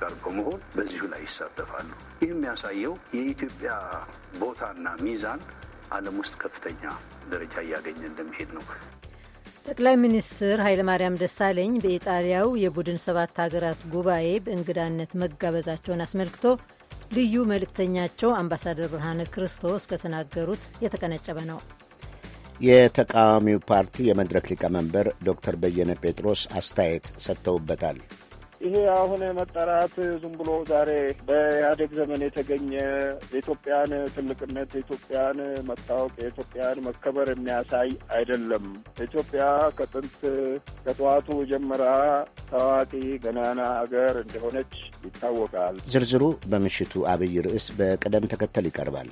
ጋር በመሆን በዚሁ ላይ ይሳተፋሉ። ይህ የሚያሳየው የኢትዮጵያ ቦታና ሚዛን ዓለም ውስጥ ከፍተኛ ደረጃ እያገኘ እንደሚሄድ ነው። ጠቅላይ ሚኒስትር ኃይለማርያም ደሳለኝ በኢጣሊያው የቡድን ሰባት ሀገራት ጉባኤ በእንግዳነት መጋበዛቸውን አስመልክቶ ልዩ መልእክተኛቸው አምባሳደር ብርሃነ ክርስቶስ ከተናገሩት የተቀነጨበ ነው። የተቃዋሚው ፓርቲ የመድረክ ሊቀመንበር ዶክተር በየነ ጴጥሮስ አስተያየት ሰጥተውበታል። ይሄ አሁን መጠራት ዝም ብሎ ዛሬ በኢህአዴግ ዘመን የተገኘ የኢትዮጵያን ትልቅነት፣ የኢትዮጵያን መታወቅ፣ የኢትዮጵያን መከበር የሚያሳይ አይደለም። ኢትዮጵያ ከጥንት ከጠዋቱ ጀምራ ታዋቂ ገናና አገር እንደሆነች ይታወቃል። ዝርዝሩ በምሽቱ አብይ ርዕስ በቅደም ተከተል ይቀርባል።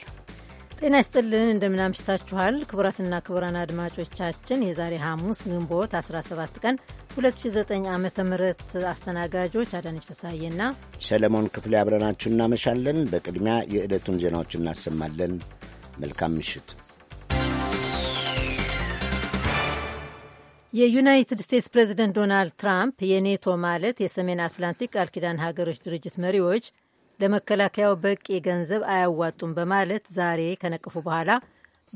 ጤና ይስጥልን እንደምናምሽታችኋል ክቡራትና ክቡራን አድማጮቻችን የዛሬ ሐሙስ ግንቦት 17 ቀን 2009 ዓ ም አስተናጋጆች አዳነች ፍሳዬና ሰለሞን ክፍሌ አብረናችሁ እናመሻለን። በቅድሚያ የዕለቱን ዜናዎች እናሰማለን። መልካም ምሽት። የዩናይትድ ስቴትስ ፕሬዚደንት ዶናልድ ትራምፕ የኔቶ ማለት የሰሜን አትላንቲክ ቃል ኪዳን ሀገሮች ድርጅት መሪዎች ለመከላከያው በቂ ገንዘብ አያዋጡም በማለት ዛሬ ከነቀፉ በኋላ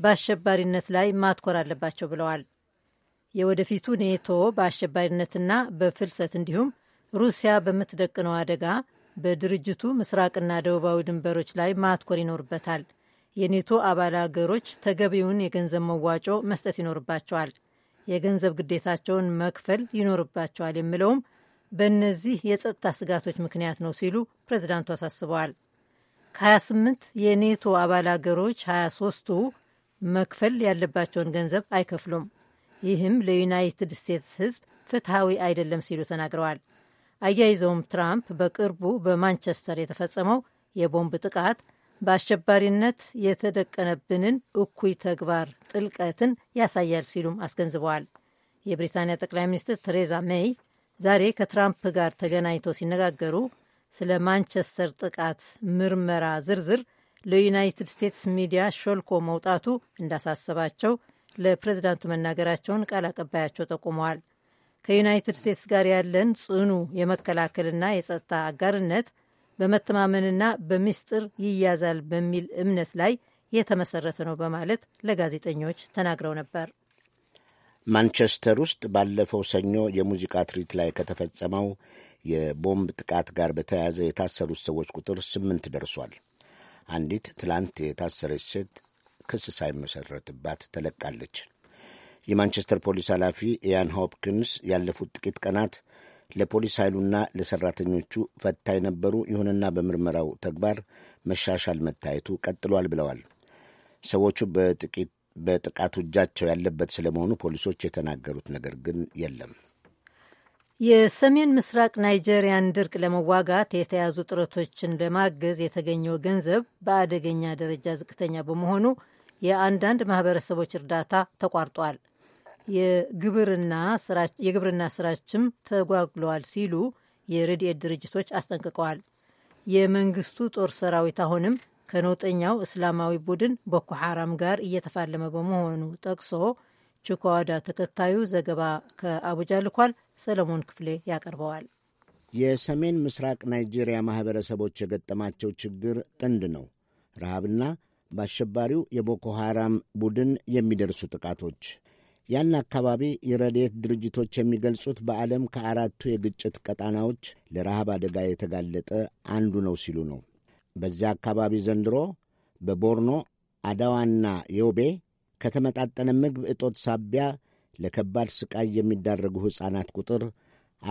በአሸባሪነት ላይ ማትኮር አለባቸው ብለዋል። የወደፊቱ ኔቶ በአሸባሪነትና በፍልሰት እንዲሁም ሩሲያ በምትደቅነው አደጋ በድርጅቱ ምስራቅና ደቡባዊ ድንበሮች ላይ ማትኮር ይኖርበታል። የኔቶ አባል አገሮች ተገቢውን የገንዘብ መዋጮ መስጠት ይኖርባቸዋል። የገንዘብ ግዴታቸውን መክፈል ይኖርባቸዋል የሚለውም በእነዚህ የጸጥታ ስጋቶች ምክንያት ነው ሲሉ ፕሬዚዳንቱ አሳስበዋል። ከ28 የኔቶ አባል አገሮች 23ቱ መክፈል ያለባቸውን ገንዘብ አይከፍሉም። ይህም ለዩናይትድ ስቴትስ ሕዝብ ፍትሐዊ አይደለም ሲሉ ተናግረዋል። አያይዘውም ትራምፕ በቅርቡ በማንቸስተር የተፈጸመው የቦምብ ጥቃት በአሸባሪነት የተደቀነብንን እኩይ ተግባር ጥልቀትን ያሳያል ሲሉም አስገንዝበዋል። የብሪታንያ ጠቅላይ ሚኒስትር ቴሬዛ ሜይ ዛሬ ከትራምፕ ጋር ተገናኝተው ሲነጋገሩ ስለ ማንቸስተር ጥቃት ምርመራ ዝርዝር ለዩናይትድ ስቴትስ ሚዲያ ሾልኮ መውጣቱ እንዳሳሰባቸው ለፕሬዚዳንቱ መናገራቸውን ቃል አቀባያቸው ጠቁመዋል። ከዩናይትድ ስቴትስ ጋር ያለን ጽኑ የመከላከልና የጸጥታ አጋርነት በመተማመንና በምስጢር ይያዛል በሚል እምነት ላይ የተመሰረተ ነው በማለት ለጋዜጠኞች ተናግረው ነበር። ማንቸስተር ውስጥ ባለፈው ሰኞ የሙዚቃ ትርኢት ላይ ከተፈጸመው የቦምብ ጥቃት ጋር በተያያዘ የታሰሩት ሰዎች ቁጥር ስምንት ደርሷል። አንዲት ትላንት የታሰረች ሴት ክስ ሳይመሰረትባት ተለቃለች። የማንቸስተር ፖሊስ ኃላፊ ኢያን ሆፕኪንስ ያለፉት ጥቂት ቀናት ለፖሊስ ኃይሉና ለሠራተኞቹ ፈታኝ ነበሩ፣ ይሁንና በምርመራው ተግባር መሻሻል መታየቱ ቀጥሏል ብለዋል። ሰዎቹ በጥቂት በጥቃቱ እጃቸው ያለበት ስለመሆኑ ፖሊሶች የተናገሩት ነገር ግን የለም። የሰሜን ምስራቅ ናይጄሪያን ድርቅ ለመዋጋት የተያዙ ጥረቶችን ለማገዝ የተገኘው ገንዘብ በአደገኛ ደረጃ ዝቅተኛ በመሆኑ የአንዳንድ ማህበረሰቦች እርዳታ ተቋርጧል፣ የግብርና ስራችም ተጓጉለዋል ሲሉ የረድኤት ድርጅቶች አስጠንቅቀዋል። የመንግስቱ ጦር ሰራዊት አሁንም ከነውጠኛው እስላማዊ ቡድን ቦኮ ሐራም ጋር እየተፋለመ በመሆኑ ጠቅሶ ቹኮዋዳ ተከታዩ ዘገባ ከአቡጃ ልኳል። ሰለሞን ክፍሌ ያቀርበዋል። የሰሜን ምስራቅ ናይጄሪያ ማኅበረሰቦች የገጠማቸው ችግር ጥንድ ነው። ረሃብና በአሸባሪው የቦኮ ሐራም ቡድን የሚደርሱ ጥቃቶች። ያን አካባቢ የረድኤት ድርጅቶች የሚገልጹት በዓለም ከአራቱ የግጭት ቀጣናዎች ለረሃብ አደጋ የተጋለጠ አንዱ ነው ሲሉ ነው። በዚያ አካባቢ ዘንድሮ በቦርኖ አዳዋና ዮቤ ከተመጣጠነ ምግብ እጦት ሳቢያ ለከባድ ሥቃይ የሚዳረጉ ሕፃናት ቁጥር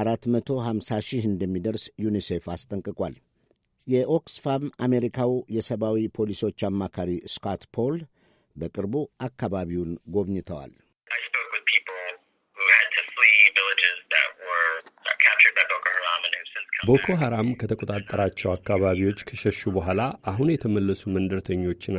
450 ሺህ እንደሚደርስ ዩኒሴፍ አስጠንቅቋል። የኦክስፋም አሜሪካው የሰብአዊ ፖሊሶች አማካሪ ስኮት ፖል በቅርቡ አካባቢውን ጎብኝተዋል። ቦኮ ሐራም ከተቆጣጠራቸው አካባቢዎች ከሸሹ በኋላ አሁን የተመለሱ መንደርተኞችን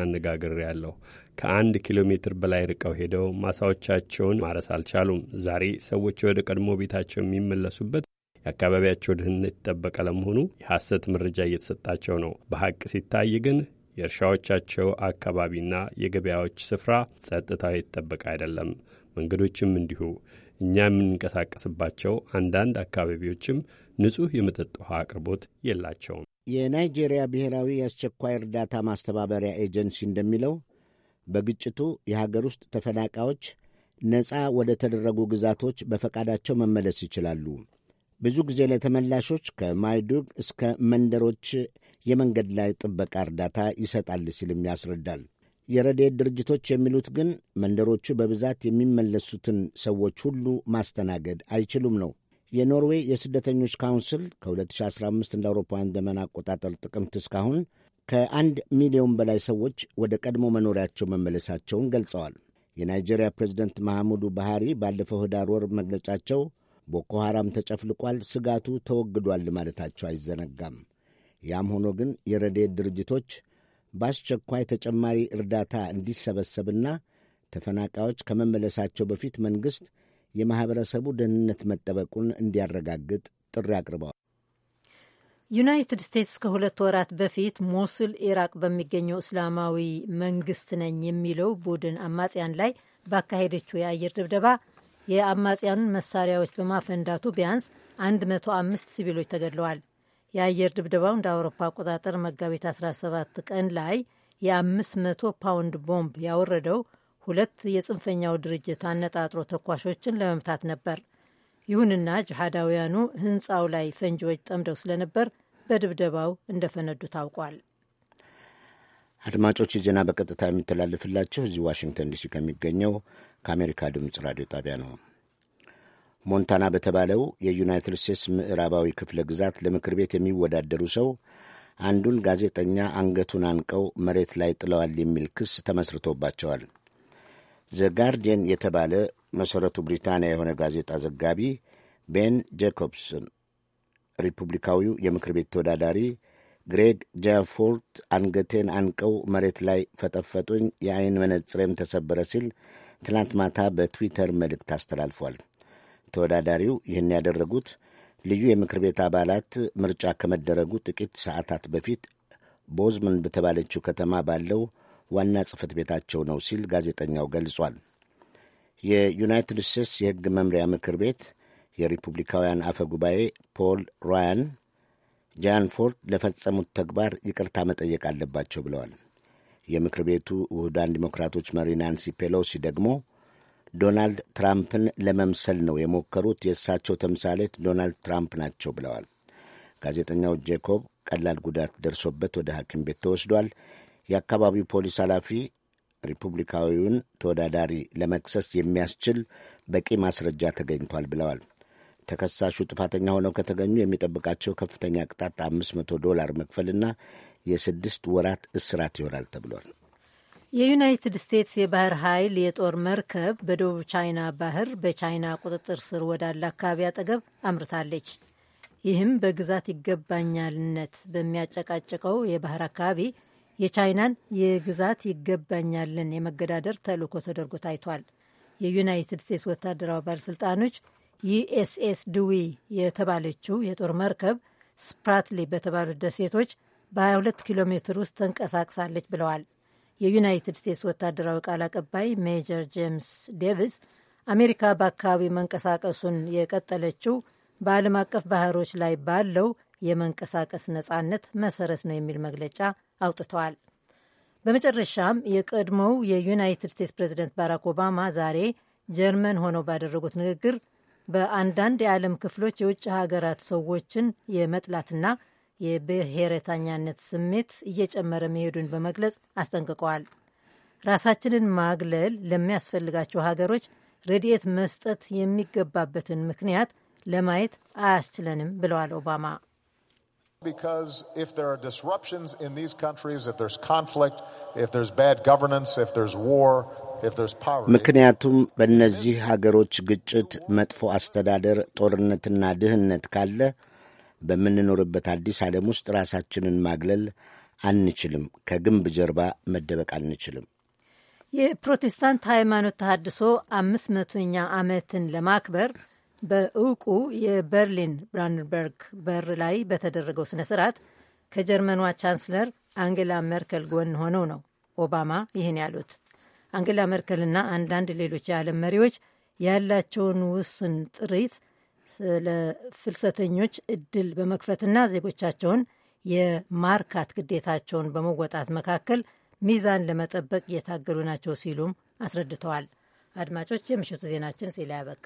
ያለሁ ከአንድ ኪሎ ሜትር በላይ ርቀው ሄደው ማሳዎቻቸውን ማረስ አልቻሉም። ዛሬ ሰዎች ወደ ቀድሞ ቤታቸው የሚመለሱበት የአካባቢያቸው ደህንነት ይጠበቀ ለመሆኑ የሐሰት መረጃ እየተሰጣቸው ነው። በሐቅ ሲታይ ግን የእርሻዎቻቸው አካባቢና የገበያዎች ስፍራ ጸጥታው የተጠበቀ አይደለም። መንገዶችም እንዲሁ። እኛ የምንንቀሳቀስባቸው አንዳንድ አካባቢዎችም ንጹሕ የመጠጥ ውሃ አቅርቦት የላቸውም። የናይጄሪያ ብሔራዊ የአስቸኳይ እርዳታ ማስተባበሪያ ኤጀንሲ እንደሚለው በግጭቱ የሀገር ውስጥ ተፈናቃዮች ነፃ ወደ ተደረጉ ግዛቶች በፈቃዳቸው መመለስ ይችላሉ። ብዙ ጊዜ ለተመላሾች ከማይዱግ እስከ መንደሮች የመንገድ ላይ ጥበቃ እርዳታ ይሰጣል ሲልም ያስረዳል። የረድኤት ድርጅቶች የሚሉት ግን መንደሮቹ በብዛት የሚመለሱትን ሰዎች ሁሉ ማስተናገድ አይችሉም ነው። የኖርዌይ የስደተኞች ካውንስል ከ2015 እንደ አውሮፓውያን ዘመን አቆጣጠር ጥቅምት እስካሁን ከአንድ ሚሊዮን በላይ ሰዎች ወደ ቀድሞ መኖሪያቸው መመለሳቸውን ገልጸዋል። የናይጄሪያ ፕሬዚደንት መሐሙዱ ባህሪ ባለፈው ህዳር ወር መግለጫቸው ቦኮ ሐራም ተጨፍልቋል፣ ስጋቱ ተወግዷል ማለታቸው አይዘነጋም። ያም ሆኖ ግን የረድኤት ድርጅቶች በአስቸኳይ ተጨማሪ እርዳታ እንዲሰበሰብና ተፈናቃዮች ከመመለሳቸው በፊት መንግሥት የማኅበረሰቡ ደህንነት መጠበቁን እንዲያረጋግጥ ጥሪ አቅርበዋል። ዩናይትድ ስቴትስ ከሁለት ወራት በፊት ሞሱል ኢራቅ በሚገኘው እስላማዊ መንግስት ነኝ የሚለው ቡድን አማጽያን ላይ ባካሄደችው የአየር ድብደባ የአማጽያኑን መሳሪያዎች በማፈንዳቱ ቢያንስ 105 ሲቪሎች ተገድለዋል። የአየር ድብደባው እንደ አውሮፓ አቆጣጠር መጋቢት 17 ቀን ላይ የ500 ፓውንድ ቦምብ ያወረደው ሁለት የጽንፈኛው ድርጅት አነጣጥሮ ተኳሾችን ለመምታት ነበር። ይሁንና ጅሃዳውያኑ ህንፃው ላይ ፈንጂዎች ጠምደው ስለነበር በድብደባው እንደፈነዱ ታውቋል። አድማጮች ዜና በቀጥታ የሚተላልፍላችሁ እዚህ ዋሽንግተን ዲሲ ከሚገኘው ከአሜሪካ ድምፅ ራዲዮ ጣቢያ ነው። ሞንታና በተባለው የዩናይትድ ስቴትስ ምዕራባዊ ክፍለ ግዛት ለምክር ቤት የሚወዳደሩ ሰው አንዱን ጋዜጠኛ አንገቱን አንቀው መሬት ላይ ጥለዋል የሚል ክስ ተመስርቶባቸዋል። ዘጋርዲየን የተባለ መሠረቱ ብሪታንያ የሆነ ጋዜጣ ዘጋቢ ቤን ጄኮብስን ሪፑብሊካዊው የምክር ቤት ተወዳዳሪ ግሬግ ጃፎርት አንገቴን አንቀው መሬት ላይ ፈጠፈጡኝ፣ የአይን መነጽሬም ተሰበረ ሲል ትናንት ማታ በትዊተር መልእክት አስተላልፏል። ተወዳዳሪው ይህን ያደረጉት ልዩ የምክር ቤት አባላት ምርጫ ከመደረጉ ጥቂት ሰዓታት በፊት ቦዝመን በተባለችው ከተማ ባለው ዋና ጽህፈት ቤታቸው ነው ሲል ጋዜጠኛው ገልጿል። የዩናይትድ ስቴትስ የሕግ መምሪያ ምክር ቤት የሪፑብሊካውያን አፈ ጉባኤ ፖል ራያን ጃን ፎርድ ለፈጸሙት ተግባር ይቅርታ መጠየቅ አለባቸው ብለዋል። የምክር ቤቱ ውህዳን ዲሞክራቶች መሪ ናንሲ ፔሎሲ ደግሞ ዶናልድ ትራምፕን ለመምሰል ነው የሞከሩት፣ የእሳቸው ተምሳሌት ዶናልድ ትራምፕ ናቸው ብለዋል። ጋዜጠኛው ጄኮብ ቀላል ጉዳት ደርሶበት ወደ ሐኪም ቤት ተወስዷል። የአካባቢው ፖሊስ ኃላፊ ሪፑብሊካዊውን ተወዳዳሪ ለመክሰስ የሚያስችል በቂ ማስረጃ ተገኝቷል ብለዋል። ተከሳሹ ጥፋተኛ ሆነው ከተገኙ የሚጠብቃቸው ከፍተኛ ቅጣት አምስት መቶ ዶላር መክፈልና የስድስት ወራት እስራት ይሆናል ተብሏል። የዩናይትድ ስቴትስ የባህር ኃይል የጦር መርከብ በደቡብ ቻይና ባህር በቻይና ቁጥጥር ስር ወዳለ አካባቢ አጠገብ አምርታለች። ይህም በግዛት ይገባኛልነት በሚያጨቃጭቀው የባህር አካባቢ የቻይናን የግዛት ይገባኛልን የመገዳደር ተልኮ ተደርጎ ታይቷል። የዩናይትድ ስቴትስ ወታደራዊ ባለሥልጣኖች ዩኤስኤስ ድዊ የተባለችው የጦር መርከብ ስፕራትሊ በተባሉት ደሴቶች በ22 ኪሎ ሜትር ውስጥ ተንቀሳቅሳለች ብለዋል። የዩናይትድ ስቴትስ ወታደራዊ ቃል አቀባይ ሜጀር ጄምስ ዴቪስ አሜሪካ በአካባቢ መንቀሳቀሱን የቀጠለችው በዓለም አቀፍ ባህሮች ላይ ባለው የመንቀሳቀስ ነጻነት መሰረት ነው የሚል መግለጫ አውጥተዋል። በመጨረሻም የቀድሞው የዩናይትድ ስቴትስ ፕሬዚደንት ባራክ ኦባማ ዛሬ ጀርመን ሆነው ባደረጉት ንግግር በአንዳንድ የዓለም ክፍሎች የውጭ ሀገራት ሰዎችን የመጥላትና የብሔረተኛነት ስሜት እየጨመረ መሄዱን በመግለጽ አስጠንቅቀዋል። ራሳችንን ማግለል ለሚያስፈልጋቸው ሀገሮች ረድኤት መስጠት የሚገባበትን ምክንያት ለማየት አያስችለንም ብለዋል ኦባማ። Because if there are disruptions in these countries, if there's conflict, if there's bad governance, if there's war, if there's power. ምክንያቱም በእነዚህ ሀገሮች ግጭት፣ መጥፎ አስተዳደር፣ ጦርነትና ድህነት ካለ በምንኖርበት አዲስ ዓለም ውስጥ ራሳችንን ማግለል አንችልም። ከግንብ ጀርባ መደበቅ አንችልም። የፕሮቴስታንት ሃይማኖት ተሃድሶ አምስት መቶኛ ዓመትን ለማክበር በእውቁ የበርሊን ብራንድንበርግ በር ላይ በተደረገው ስነ ስርዓት ከጀርመኗ ቻንስለር አንጌላ ሜርከል ጎን ሆነው ነው ኦባማ ይህን ያሉት። አንጌላ ሜርከልና አንዳንድ ሌሎች የዓለም መሪዎች ያላቸውን ውስን ጥሪት ስለ ፍልሰተኞች እድል በመክፈትና ዜጎቻቸውን የማርካት ግዴታቸውን በመወጣት መካከል ሚዛን ለመጠበቅ እየታገሉ ናቸው ሲሉም አስረድተዋል። አድማጮች፣ የምሽቱ ዜናችን ሲላ ያበቃ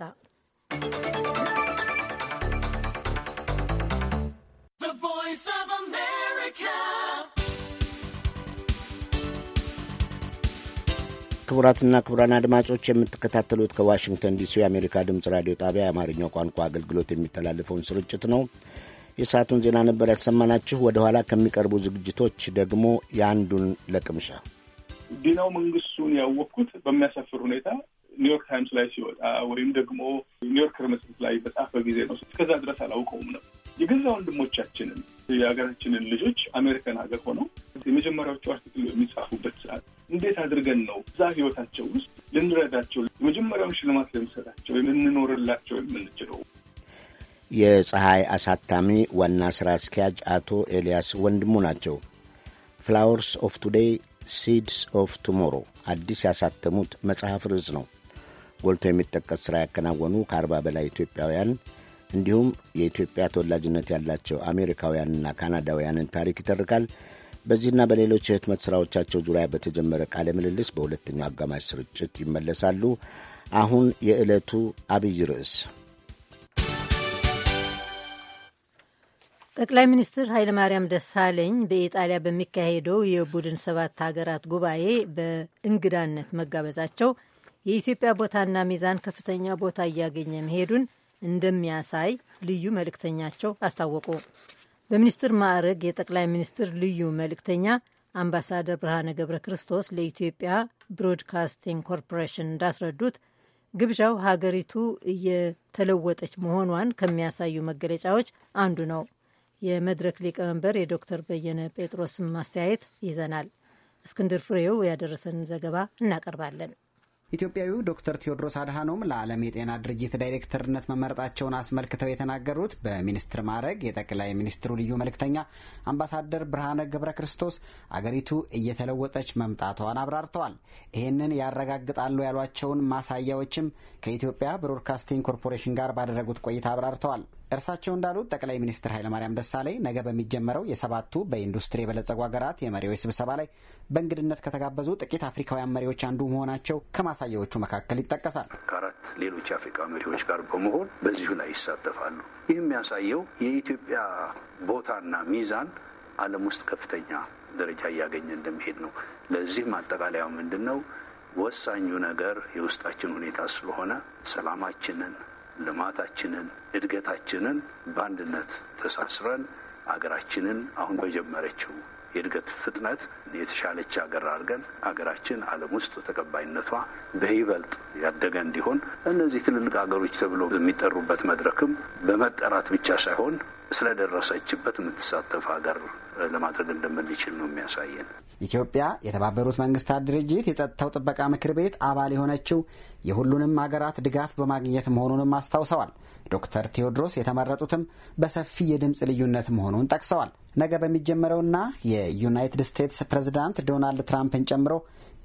ክቡራትና ክቡራን አድማጮች የምትከታተሉት ከዋሽንግተን ዲሲ የአሜሪካ ድምፅ ራዲዮ ጣቢያ የአማርኛው ቋንቋ አገልግሎት የሚተላለፈውን ስርጭት ነው። የሰዓቱን ዜና ነበር ያሰማናችሁ። ወደ ኋላ ከሚቀርቡ ዝግጅቶች ደግሞ የአንዱን ለቅምሻ ዲናው መንግስቱን ያወቅኩት በሚያሳፍር ሁኔታ ኒውዮርክ ታይምስ ላይ ሲወጣ ወይም ደግሞ ኒውዮርከር መጽሔት ላይ በጻፈ ጊዜ ነው። እስከዛ ድረስ አላውቀውም ነው። የገዛ ወንድሞቻችንን የሀገራችንን ልጆች አሜሪካን ሀገር ሆነው የመጀመሪያዎቹ አርቲክል የሚጻፉበት ሰዓት እንዴት አድርገን ነው እዛ ህይወታቸው ውስጥ ልንረዳቸው የመጀመሪያውን ሽልማት ልንሰጣቸው ልንኖርላቸው የምንችለው? የፀሐይ አሳታሚ ዋና ስራ አስኪያጅ አቶ ኤልያስ ወንድሙ ናቸው። ፍላወርስ ኦፍ ቱዴይ ሲድስ ኦፍ ቱሞሮ አዲስ ያሳተሙት መጽሐፍ ርዕስ ነው። ጎልቶ የሚጠቀስ ሥራ ያከናወኑ ከአርባ በላይ ኢትዮጵያውያን እንዲሁም የኢትዮጵያ ተወላጅነት ያላቸው አሜሪካውያንና ካናዳውያንን ታሪክ ይተርካል። በዚህና በሌሎች የህትመት ሥራዎቻቸው ዙሪያ በተጀመረ ቃለ ምልልስ በሁለተኛው አጋማሽ ስርጭት ይመለሳሉ። አሁን የዕለቱ አብይ ርዕስ ጠቅላይ ሚኒስትር ኃይለማርያም ደሳለኝ በኢጣሊያ በሚካሄደው የቡድን ሰባት ሀገራት ጉባኤ በእንግዳነት መጋበዛቸው የኢትዮጵያ ቦታና ሚዛን ከፍተኛ ቦታ እያገኘ መሄዱን እንደሚያሳይ ልዩ መልእክተኛቸው አስታወቁ። በሚኒስትር ማዕረግ የጠቅላይ ሚኒስትር ልዩ መልእክተኛ አምባሳደር ብርሃነ ገብረ ክርስቶስ ለኢትዮጵያ ብሮድካስቲንግ ኮርፖሬሽን እንዳስረዱት ግብዣው ሀገሪቱ እየተለወጠች መሆኗን ከሚያሳዩ መገለጫዎች አንዱ ነው። የመድረክ ሊቀመንበር የዶክተር በየነ ጴጥሮስን ማስተያየት ይዘናል። እስክንድር ፍሬው ያደረሰን ዘገባ እናቀርባለን። ኢትዮጵያዊው ዶክተር ቴዎድሮስ አድሃኖም ለዓለም የጤና ድርጅት ዳይሬክተርነት መመረጣቸውን አስመልክተው የተናገሩት በሚኒስትር ማዕረግ የጠቅላይ ሚኒስትሩ ልዩ መልእክተኛ አምባሳደር ብርሃነ ገብረ ክርስቶስ አገሪቱ እየተለወጠች መምጣቷን አብራርተዋል። ይህንን ያረጋግጣሉ ያሏቸውን ማሳያዎችም ከኢትዮጵያ ብሮድካስቲንግ ኮርፖሬሽን ጋር ባደረጉት ቆይታ አብራርተዋል። እርሳቸው እንዳሉት ጠቅላይ ሚኒስትር ኃይለማርያም ደሳለኝ ነገ በሚጀመረው የሰባቱ በኢንዱስትሪ የበለጸጉ ሀገራት የመሪዎች ስብሰባ ላይ በእንግድነት ከተጋበዙ ጥቂት አፍሪካውያን መሪዎች አንዱ መሆናቸው ከማሳያዎቹ መካከል ይጠቀሳል። ከአራት ሌሎች የአፍሪካ መሪዎች ጋር በመሆን በዚሁ ላይ ይሳተፋሉ። ይህ የሚያሳየው የኢትዮጵያ ቦታና ሚዛን ዓለም ውስጥ ከፍተኛ ደረጃ እያገኘ እንደሚሄድ ነው። ለዚህ ማጠቃለያው ምንድን ነው? ወሳኙ ነገር የውስጣችን ሁኔታ ስለሆነ ሰላማችንን፣ ልማታችንን፣ እድገታችንን በአንድነት ተሳስረን አገራችንን አሁን በጀመረችው የእድገት ፍጥነት የተሻለች ሀገር አድርገን ሀገራችን ዓለም ውስጥ ተቀባይነቷ በይበልጥ ያደገ እንዲሆን እነዚህ ትልልቅ ሀገሮች ተብሎ የሚጠሩበት መድረክም በመጠራት ብቻ ሳይሆን ስለደረሰችበት የምትሳተፍ ሀገር ለማድረግ እንደምንችል ነው የሚያሳየን። ኢትዮጵያ የተባበሩት መንግስታት ድርጅት የጸጥታው ጥበቃ ምክር ቤት አባል የሆነችው የሁሉንም ሀገራት ድጋፍ በማግኘት መሆኑንም አስታውሰዋል። ዶክተር ቴዎድሮስ የተመረጡትም በሰፊ የድምፅ ልዩነት መሆኑን ጠቅሰዋል። ነገ በሚጀመረውና የዩናይትድ ስቴትስ ፕሬዝዳንት ዶናልድ ትራምፕን ጨምሮ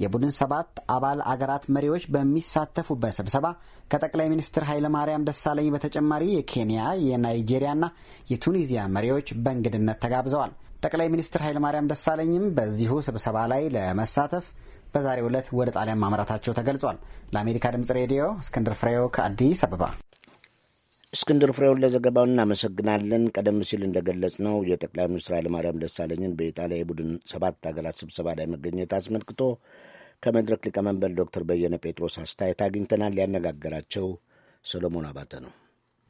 የቡድን ሰባት አባል አገራት መሪዎች በሚሳተፉበት ስብሰባ ከጠቅላይ ሚኒስትር ኃይለማርያም ደሳለኝ በተጨማሪ የኬንያ፣ የናይጄሪያና የቱኒዚያ መሪዎች በእንግድነት ተጋብዘዋል። ጠቅላይ ሚኒስትር ኃይለማርያም ደሳለኝም በዚሁ ስብሰባ ላይ ለመሳተፍ በዛሬ ዕለት ወደ ጣሊያን ማምራታቸው ተገልጿል። ለአሜሪካ ድምጽ ሬዲዮ እስክንድር ፍሬው ከአዲስ አበባ። እስክንድር ፍሬውን ለዘገባው እናመሰግናለን። ቀደም ሲል እንደገለጽ ነው የጠቅላይ ሚኒስትር ኃይለማርያም ደሳለኝን በኢጣሊያ የቡድን ሰባት አገራት ስብሰባ ላይ መገኘት አስመልክቶ ከመድረክ ሊቀመንበር ዶክተር በየነ ጴጥሮስ አስተያየት አግኝተናል። ያነጋገራቸው ሰሎሞን አባተ ነው።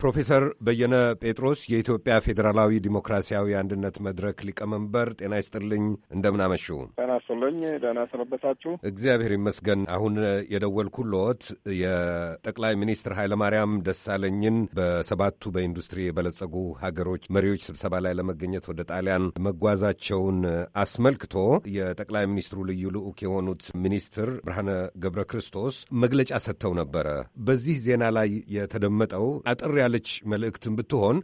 ፕሮፌሰር በየነ ጴጥሮስ የኢትዮጵያ ፌዴራላዊ ዲሞክራሲያዊ አንድነት መድረክ ሊቀመንበር፣ ጤና ይስጥልኝ። እንደምን አመሹ? ጤና ይስጥልኝ። ደህና ሰነበታችሁ? እግዚአብሔር ይመስገን። አሁን የደወልኩልዎት የጠቅላይ ሚኒስትር ኃይለማርያም ደሳለኝን በሰባቱ በኢንዱስትሪ የበለጸጉ ሀገሮች መሪዎች ስብሰባ ላይ ለመገኘት ወደ ጣሊያን መጓዛቸውን አስመልክቶ የጠቅላይ ሚኒስትሩ ልዩ ልዑክ የሆኑት ሚኒስትር ብርሃነ ገብረ ክርስቶስ መግለጫ ሰጥተው ነበረ። በዚህ ዜና ላይ የተደመጠው አጠር ያለች መልእክትን ብትሆን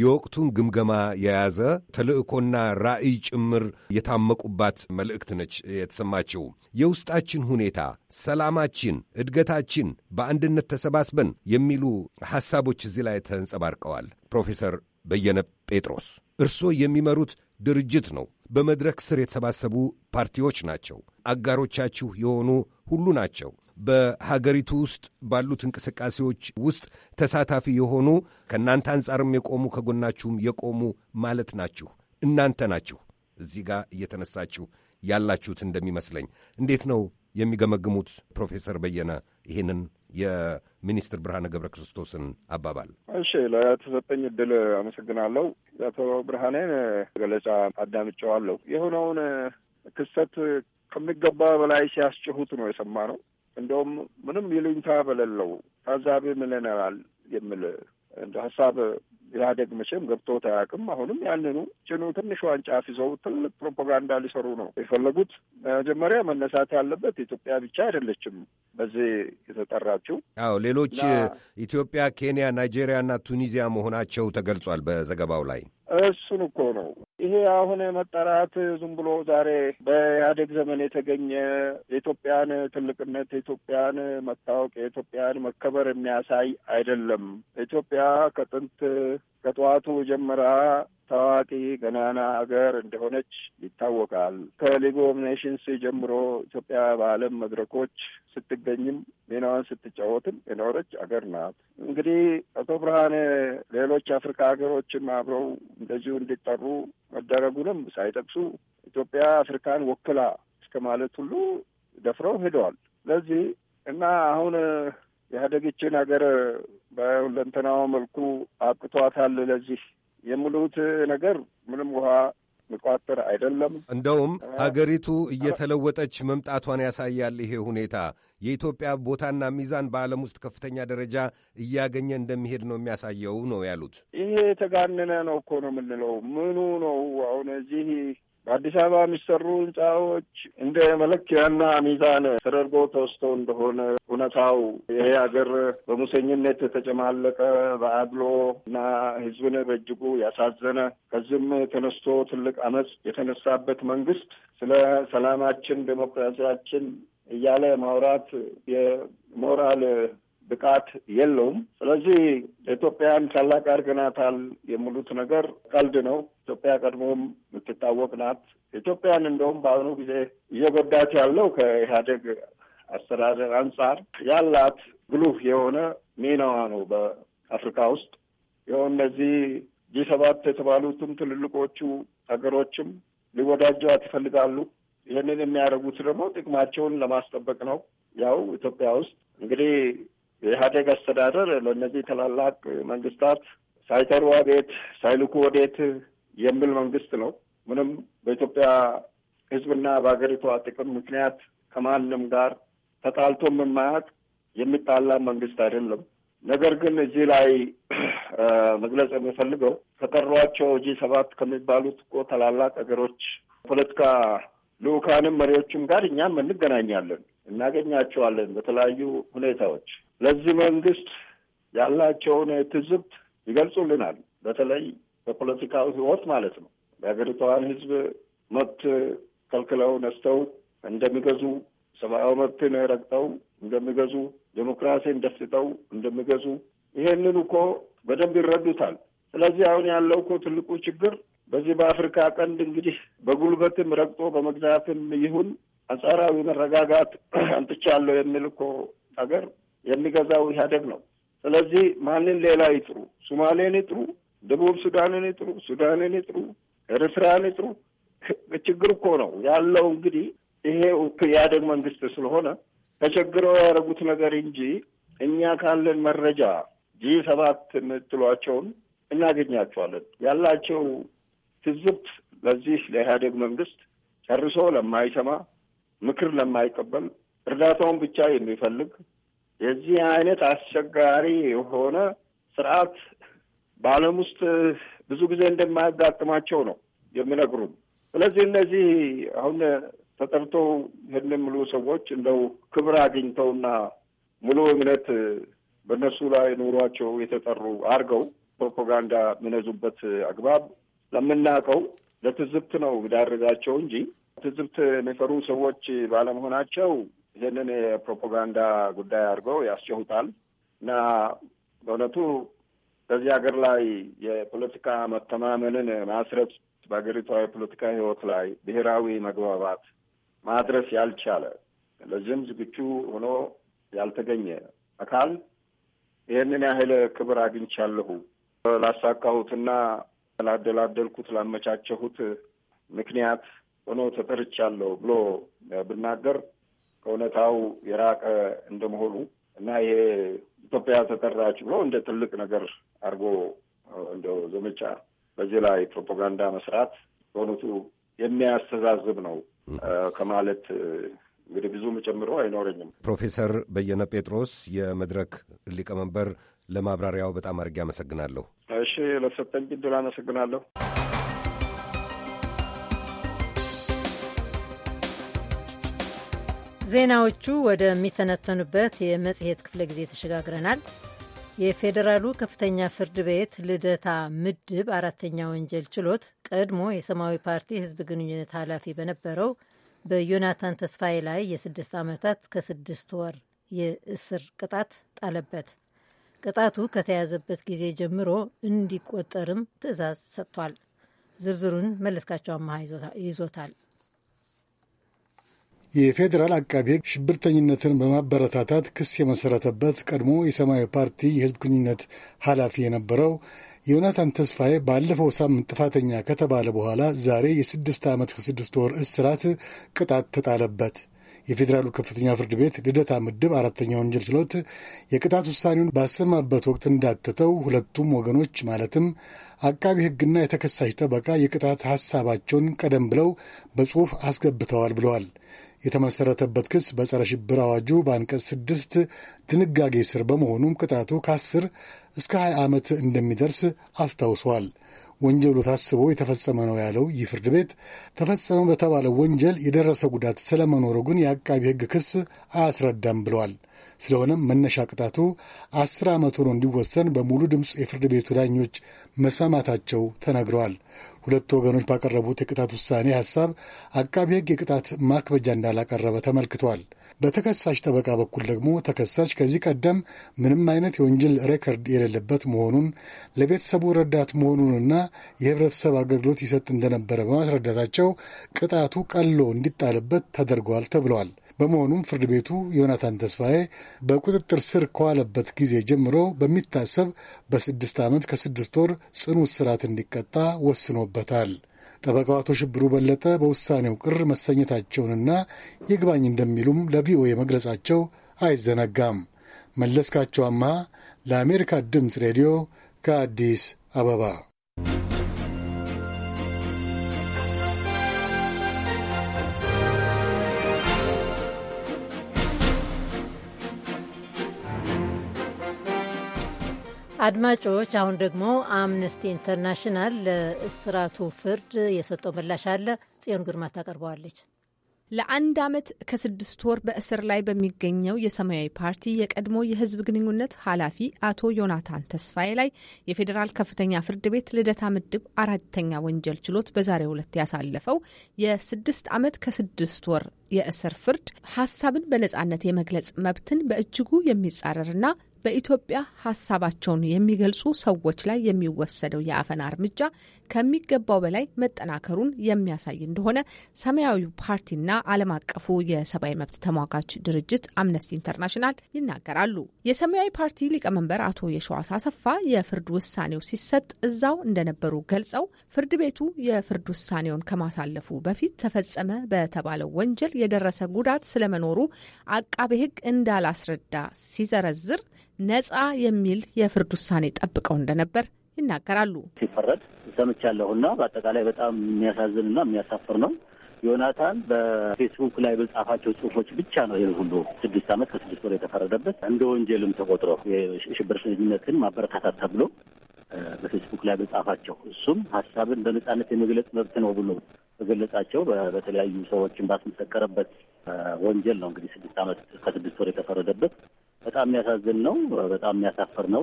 የወቅቱን ግምገማ የያዘ ተልእኮና ራዕይ ጭምር የታመቁባት መልእክት ነች የተሰማችው። የውስጣችን ሁኔታ፣ ሰላማችን፣ እድገታችን፣ በአንድነት ተሰባስበን የሚሉ ሐሳቦች እዚህ ላይ ተንጸባርቀዋል። ፕሮፌሰር በየነ ጴጥሮስ እርስዎ የሚመሩት ድርጅት ነው። በመድረክ ስር የተሰባሰቡ ፓርቲዎች ናቸው። አጋሮቻችሁ የሆኑ ሁሉ ናቸው። በሀገሪቱ ውስጥ ባሉት እንቅስቃሴዎች ውስጥ ተሳታፊ የሆኑ ከእናንተ አንጻርም የቆሙ ከጎናችሁም የቆሙ ማለት ናችሁ። እናንተ ናችሁ እዚህ ጋር እየተነሳችሁ ያላችሁት እንደሚመስለኝ። እንዴት ነው የሚገመግሙት ፕሮፌሰር በየነ ይህንን የሚኒስትር ብርሃነ ገብረ ክርስቶስን አባባል? እሺ፣ ለተሰጠኝ እድል አመሰግናለሁ። የአቶ ብርሃኔን ገለጻ አዳምጨዋለሁ። የሆነውን ክስተት ከሚገባ በላይ ሲያስጭሁት ነው የሰማ ነው። እንደውም ምንም ይሉኝታ በሌለው ታዛቢ ምለናል የሚል እንደ ሀሳብ ኢህአዴግ መቼም ገብቶት አያውቅም። አሁንም ያንኑ ጭኑ ትንሽ ዋንጫፍ ይዘው ትልቅ ፕሮፓጋንዳ ሊሰሩ ነው የፈለጉት። መጀመሪያ መነሳት ያለበት ኢትዮጵያ ብቻ አይደለችም በዚህ የተጠራችው። አዎ ሌሎች ኢትዮጵያ፣ ኬንያ፣ ናይጄሪያ እና ቱኒዚያ መሆናቸው ተገልጿል በዘገባው ላይ። እሱን እኮ ነው ይሄ አሁን መጠራት ዝም ብሎ ዛሬ በኢህአዴግ ዘመን የተገኘ የኢትዮጵያን ትልቅነት፣ የኢትዮጵያን መታወቅ፣ የኢትዮጵያን መከበር የሚያሳይ አይደለም። ኢትዮጵያ ከጥንት ከጠዋቱ ጀምራ ታዋቂ ገናና ሀገር እንደሆነች ይታወቃል። ከሊግ ኦፍ ኔሽንስ ጀምሮ ኢትዮጵያ በዓለም መድረኮች ስትገኝም ሚናዋን ስትጫወትም የኖረች ሀገር ናት። እንግዲህ አቶ ብርሃን ሌሎች አፍሪካ ሀገሮችም አብረው እንደዚሁ እንዲጠሩ መደረጉንም ሳይጠቅሱ ኢትዮጵያ አፍሪካን ወክላ እስከ ማለት ሁሉ ደፍረው ሄደዋል። ስለዚህ እና አሁን ኢህአዴግችን ሀገር በሁለንተናው መልኩ አብቅቷታል ለዚህ የምሉት ነገር ምንም ውሃ የሚቋጥር አይደለም። እንደውም ሀገሪቱ እየተለወጠች መምጣቷን ያሳያል ይሄ ሁኔታ። የኢትዮጵያ ቦታና ሚዛን በዓለም ውስጥ ከፍተኛ ደረጃ እያገኘ እንደሚሄድ ነው የሚያሳየው ነው ያሉት። ይሄ የተጋነነ ነው እኮ ነው የምንለው። ምኑ ነው አሁን እዚህ በአዲስ አበባ የሚሰሩ ህንፃዎች እንደ መለኪያና ሚዛን ተደርጎ ተወስቶ እንደሆነ እውነታው ይሄ ሀገር በሙሰኝነት የተጨማለቀ በአድሎ እና ህዝብን በእጅጉ ያሳዘነ ከዚህም ተነስቶ ትልቅ አመፅ የተነሳበት መንግስት ስለ ሰላማችን፣ ዴሞክራሲያችን እያለ ማውራት የሞራል ብቃት የለውም። ስለዚህ ኢትዮጵያን ታላቅ አድርገናታል የሚሉት ነገር ቀልድ ነው። ኢትዮጵያ ቀድሞም የምትታወቅ ናት። ኢትዮጵያን እንደውም በአሁኑ ጊዜ እየጎዳት ያለው ከኢህአዴግ አስተዳደር አንጻር ያላት ግሉህ የሆነ ሚናዋ ነው በአፍሪካ ውስጥ ይኸው እነዚህ ጂ ሰባት የተባሉትም ትልልቆቹ ሀገሮችም ሊወዳጇት ይፈልጋሉ። ይህንን የሚያደርጉት ደግሞ ጥቅማቸውን ለማስጠበቅ ነው። ያው ኢትዮጵያ ውስጥ እንግዲህ የኢህአዴግ አስተዳደር ለእነዚህ ታላላቅ መንግስታት ሳይጠሩ ወዴት ሳይልኩ ወዴት የሚል መንግስት ነው። ምንም በኢትዮጵያ ህዝብና በሀገሪቷ ጥቅም ምክንያት ከማንም ጋር ተጣልቶ የማያውቅ የሚጣላ መንግስት አይደለም። ነገር ግን እዚህ ላይ መግለጽ የሚፈልገው ከቀሯቸው ጂ ሰባት ከሚባሉት እኮ ታላላቅ ሀገሮች ፖለቲካ ልኡካንም መሪዎችም ጋር እኛም እንገናኛለን፣ እናገኛቸዋለን በተለያዩ ሁኔታዎች ለዚህ መንግስት ያላቸውን ትዝብት ይገልጹልናል። በተለይ በፖለቲካዊ ህይወት ማለት ነው። የሀገሪቷን ህዝብ መብት ከልክለው ነስተው እንደሚገዙ፣ ሰብአዊ መብትን ረግጠው እንደሚገዙ፣ ዴሞክራሲን ደፍጥጠው እንደሚገዙ ይሄንን እኮ በደንብ ይረዱታል። ስለዚህ አሁን ያለው እኮ ትልቁ ችግር በዚህ በአፍሪካ ቀንድ እንግዲህ በጉልበትም ረግጦ በመግዛትም ይሁን አንጻራዊ መረጋጋት አንጥቻለሁ የሚል እኮ ሀገር የሚገዛው ኢህአደግ ነው። ስለዚህ ማንን ሌላ ይጥሩ? ሱማሌን ይጥሩ፣ ደቡብ ሱዳንን ይጥሩ፣ ሱዳንን ይጥሩ፣ ኤርትራን ይጥሩ። ችግር እኮ ነው ያለው። እንግዲህ ይሄ ኢህአዴግ መንግስት ስለሆነ ተቸግረው ያደረጉት ነገር እንጂ እኛ ካለን መረጃ ጂ ሰባት የምትሏቸውን እናገኛቸዋለን። ያላቸው ትዝብት ለዚህ ለኢህአደግ መንግስት ጨርሶ ለማይሰማ ምክር ለማይቀበል እርዳታውን ብቻ የሚፈልግ የዚህ አይነት አስቸጋሪ የሆነ ስርዓት በዓለም ውስጥ ብዙ ጊዜ እንደማያጋጥማቸው ነው የሚነግሩን። ስለዚህ እነዚህ አሁን ተጠርተው ይህን ምሉ ሰዎች እንደው ክብር አግኝተውና ሙሉ እምነት በእነሱ ላይ ኑሯቸው የተጠሩ አድርገው ፕሮፓጋንዳ የሚነዙበት አግባብ ለምናውቀው ለትዝብት ነው ዳረጋቸው እንጂ ትዝብት የሚፈሩ ሰዎች ባለመሆናቸው ይህንን የፕሮፓጋንዳ ጉዳይ አድርገው ያስጨሁታል እና በእውነቱ በዚህ ሀገር ላይ የፖለቲካ መተማመንን ማስረት በሀገሪቷ የፖለቲካ ህይወት ላይ ብሔራዊ መግባባት ማድረስ ያልቻለ ለዚህም ዝግጁ ሆኖ ያልተገኘ አካል ይህንን ያህል ክብር አግኝቻለሁ ላሳካሁትና ላደላደልኩት ላመቻቸሁት ምክንያት ሆኖ ተጠርቻለሁ ብሎ ብናገር ከእውነታው የራቀ እንደመሆኑ እና የኢትዮጵያ ተጠራች ብሎ እንደ ትልቅ ነገር አድርጎ እንደ ዘመቻ በዚህ ላይ ፕሮፓጋንዳ መስራት በእውነቱ የሚያስተዛዝብ ነው ከማለት እንግዲህ ብዙ ጨምሮ አይኖረኝም። ፕሮፌሰር በየነ ጴጥሮስ የመድረክ ሊቀመንበር፣ ለማብራሪያው በጣም አድርጌ አመሰግናለሁ። እሺ፣ ለሰጠኝ ዕድል አመሰግናለሁ። ዜናዎቹ ወደሚተነተኑበት የመጽሔት ክፍለ ጊዜ ተሸጋግረናል። የፌዴራሉ ከፍተኛ ፍርድ ቤት ልደታ ምድብ አራተኛ ወንጀል ችሎት ቀድሞ የሰማያዊ ፓርቲ ሕዝብ ግንኙነት ኃላፊ በነበረው በዮናታን ተስፋዬ ላይ የስድስት ዓመታት ከስድስት ወር የእስር ቅጣት ጣለበት። ቅጣቱ ከተያዘበት ጊዜ ጀምሮ እንዲቆጠርም ትዕዛዝ ሰጥቷል። ዝርዝሩን መለስካቸው አመሃ ይዞታል። የፌዴራል አቃቢ ሕግ ሽብርተኝነትን በማበረታታት ክስ የመሰረተበት ቀድሞ የሰማያዊ ፓርቲ የህዝብ ግንኙነት ኃላፊ የነበረው ዮናታን ተስፋዬ ባለፈው ሳምንት ጥፋተኛ ከተባለ በኋላ ዛሬ የስድስት ዓመት ከስድስት ወር እስራት ቅጣት ተጣለበት። የፌዴራሉ ከፍተኛ ፍርድ ቤት ልደታ ምድብ አራተኛ ወንጀል ችሎት የቅጣት ውሳኔውን ባሰማበት ወቅት እንዳተተው ሁለቱም ወገኖች ማለትም አቃቢ ሕግና የተከሳሽ ጠበቃ የቅጣት ሐሳባቸውን ቀደም ብለው በጽሑፍ አስገብተዋል ብለዋል። የተመሰረተበት ክስ በጸረ ሽብር አዋጁ በአንቀጽ ስድስት ድንጋጌ ስር በመሆኑም ቅጣቱ ከአስር እስከ 20 ዓመት እንደሚደርስ አስታውሷል። ወንጀሉ ታስቦ የተፈጸመ ነው ያለው ይህ ፍርድ ቤት ተፈጸመ በተባለው ወንጀል የደረሰ ጉዳት ስለመኖሩ ግን የአቃቢ ሕግ ክስ አያስረዳም ብለዋል። ስለሆነም መነሻ ቅጣቱ አስር ዓመት ሆኖ እንዲወሰን በሙሉ ድምፅ የፍርድ ቤቱ ዳኞች መስማማታቸው ተናግረዋል። ሁለቱ ወገኖች ባቀረቡት የቅጣት ውሳኔ ሐሳብ አቃቢ ሕግ የቅጣት ማክበጃ እንዳላቀረበ ተመልክቷል። በተከሳሽ ጠበቃ በኩል ደግሞ ተከሳሽ ከዚህ ቀደም ምንም አይነት የወንጀል ሬከርድ የሌለበት መሆኑን ለቤተሰቡ ረዳት መሆኑንና የህብረተሰብ አገልግሎት ይሰጥ እንደነበረ በማስረዳታቸው ቅጣቱ ቀሎ እንዲጣልበት ተደርጓል ተብሏል። በመሆኑም ፍርድ ቤቱ ዮናታን ተስፋዬ በቁጥጥር ስር ከዋለበት ጊዜ ጀምሮ በሚታሰብ በስድስት ዓመት ከስድስት ወር ጽኑ እስራት እንዲቀጣ ወስኖበታል። ጠበቃው አቶ ሽብሩ በለጠ በውሳኔው ቅር መሰኘታቸውንና ይግባኝ እንደሚሉም ለቪኦኤ መግለጻቸው አይዘነጋም። መለስካቸው አምሃ ለአሜሪካ ድምፅ ሬዲዮ ከአዲስ አበባ አድማጮች፣ አሁን ደግሞ አምነስቲ ኢንተርናሽናል ለእስራቱ ፍርድ የሰጠው ምላሽ አለ። ጽዮን ግርማ ታቀርበዋለች። ለአንድ ዓመት ከስድስት ወር በእስር ላይ በሚገኘው የሰማያዊ ፓርቲ የቀድሞ የሕዝብ ግንኙነት ኃላፊ አቶ ዮናታን ተስፋዬ ላይ የፌዴራል ከፍተኛ ፍርድ ቤት ልደታ ምድብ አራተኛ ወንጀል ችሎት በዛሬው ዕለት ያሳለፈው የስድስት ዓመት ከስድስት ወር የእስር ፍርድ ሀሳብን በነጻነት የመግለጽ መብትን በእጅጉ የሚጻረርና በኢትዮጵያ ሀሳባቸውን የሚገልጹ ሰዎች ላይ የሚወሰደው የአፈና እርምጃ ከሚገባው በላይ መጠናከሩን የሚያሳይ እንደሆነ ሰማያዊ ፓርቲና ዓለም አቀፉ የሰብአዊ መብት ተሟጋች ድርጅት አምነስቲ ኢንተርናሽናል ይናገራሉ። የሰማያዊ ፓርቲ ሊቀመንበር አቶ የሸዋስ አሰፋ የፍርድ ውሳኔው ሲሰጥ እዛው እንደነበሩ ገልጸው ፍርድ ቤቱ የፍርድ ውሳኔውን ከማሳለፉ በፊት ተፈጸመ በተባለው ወንጀል የደረሰ ጉዳት ስለመኖሩ አቃቤ ሕግ እንዳላስረዳ ሲዘረዝር ነጻ የሚል የፍርድ ውሳኔ ጠብቀው እንደነበር ይናገራሉ። ሲፈረድ ሰምቻለሁና በአጠቃላይ በጣም የሚያሳዝንና የሚያሳፍር ነው። ዮናታን በፌስቡክ ላይ በጻፋቸው ጽሁፎች ብቻ ነው ይህ ሁሉ ስድስት ዓመት ከስድስት ወር የተፈረደበት እንደ ወንጀልም ተቆጥሮ የሽብርተኝነትን ማበረታታት ተብሎ በፌስቡክ ላይ በጻፋቸው እሱም ሀሳብን በነጻነት የመግለጽ መብት ነው ብሎ በገለጻቸው በተለያዩ ሰዎችን ባስመሰከረበት ወንጀል ነው እንግዲህ ስድስት ዓመት ከስድስት ወር የተፈረደበት በጣም የሚያሳዝን ነው። በጣም የሚያሳፍር ነው።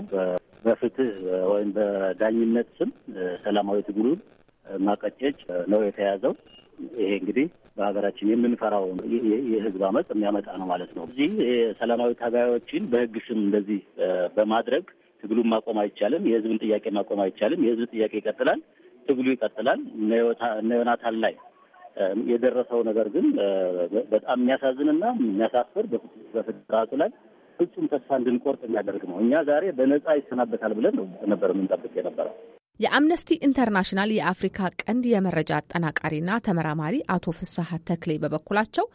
በፍትህ ወይም በዳኝነት ስም ሰላማዊ ትግሉን ማቀጨጭ ነው የተያዘው። ይሄ እንግዲህ በሀገራችን የምንፈራው የህዝብ አመፅ የሚያመጣ ነው ማለት ነው። እዚህ ሰላማዊ ታጋዮችን በህግ ስም እንደዚህ በማድረግ ትግሉን ማቆም አይቻልም። የህዝብን ጥያቄ ማቆም አይቻልም። የህዝብ ጥያቄ ይቀጥላል። ትግሉ ይቀጥላል። እነ ዮናታን ላይ የደረሰው ነገር ግን በጣም የሚያሳዝንና የሚያሳፍር በፍጥራቱ ላይ ፍጹም ተስፋ እንድንቆርጥ የሚያደርግ ነው። እኛ ዛሬ በነጻ ይሰናበታል ብለን ነበር የምንጠብቅ የነበረው። የአምነስቲ ኢንተርናሽናል የአፍሪካ ቀንድ የመረጃ አጠናቃሪና ተመራማሪ አቶ ፍስሐ ተክሌ በበኩላቸው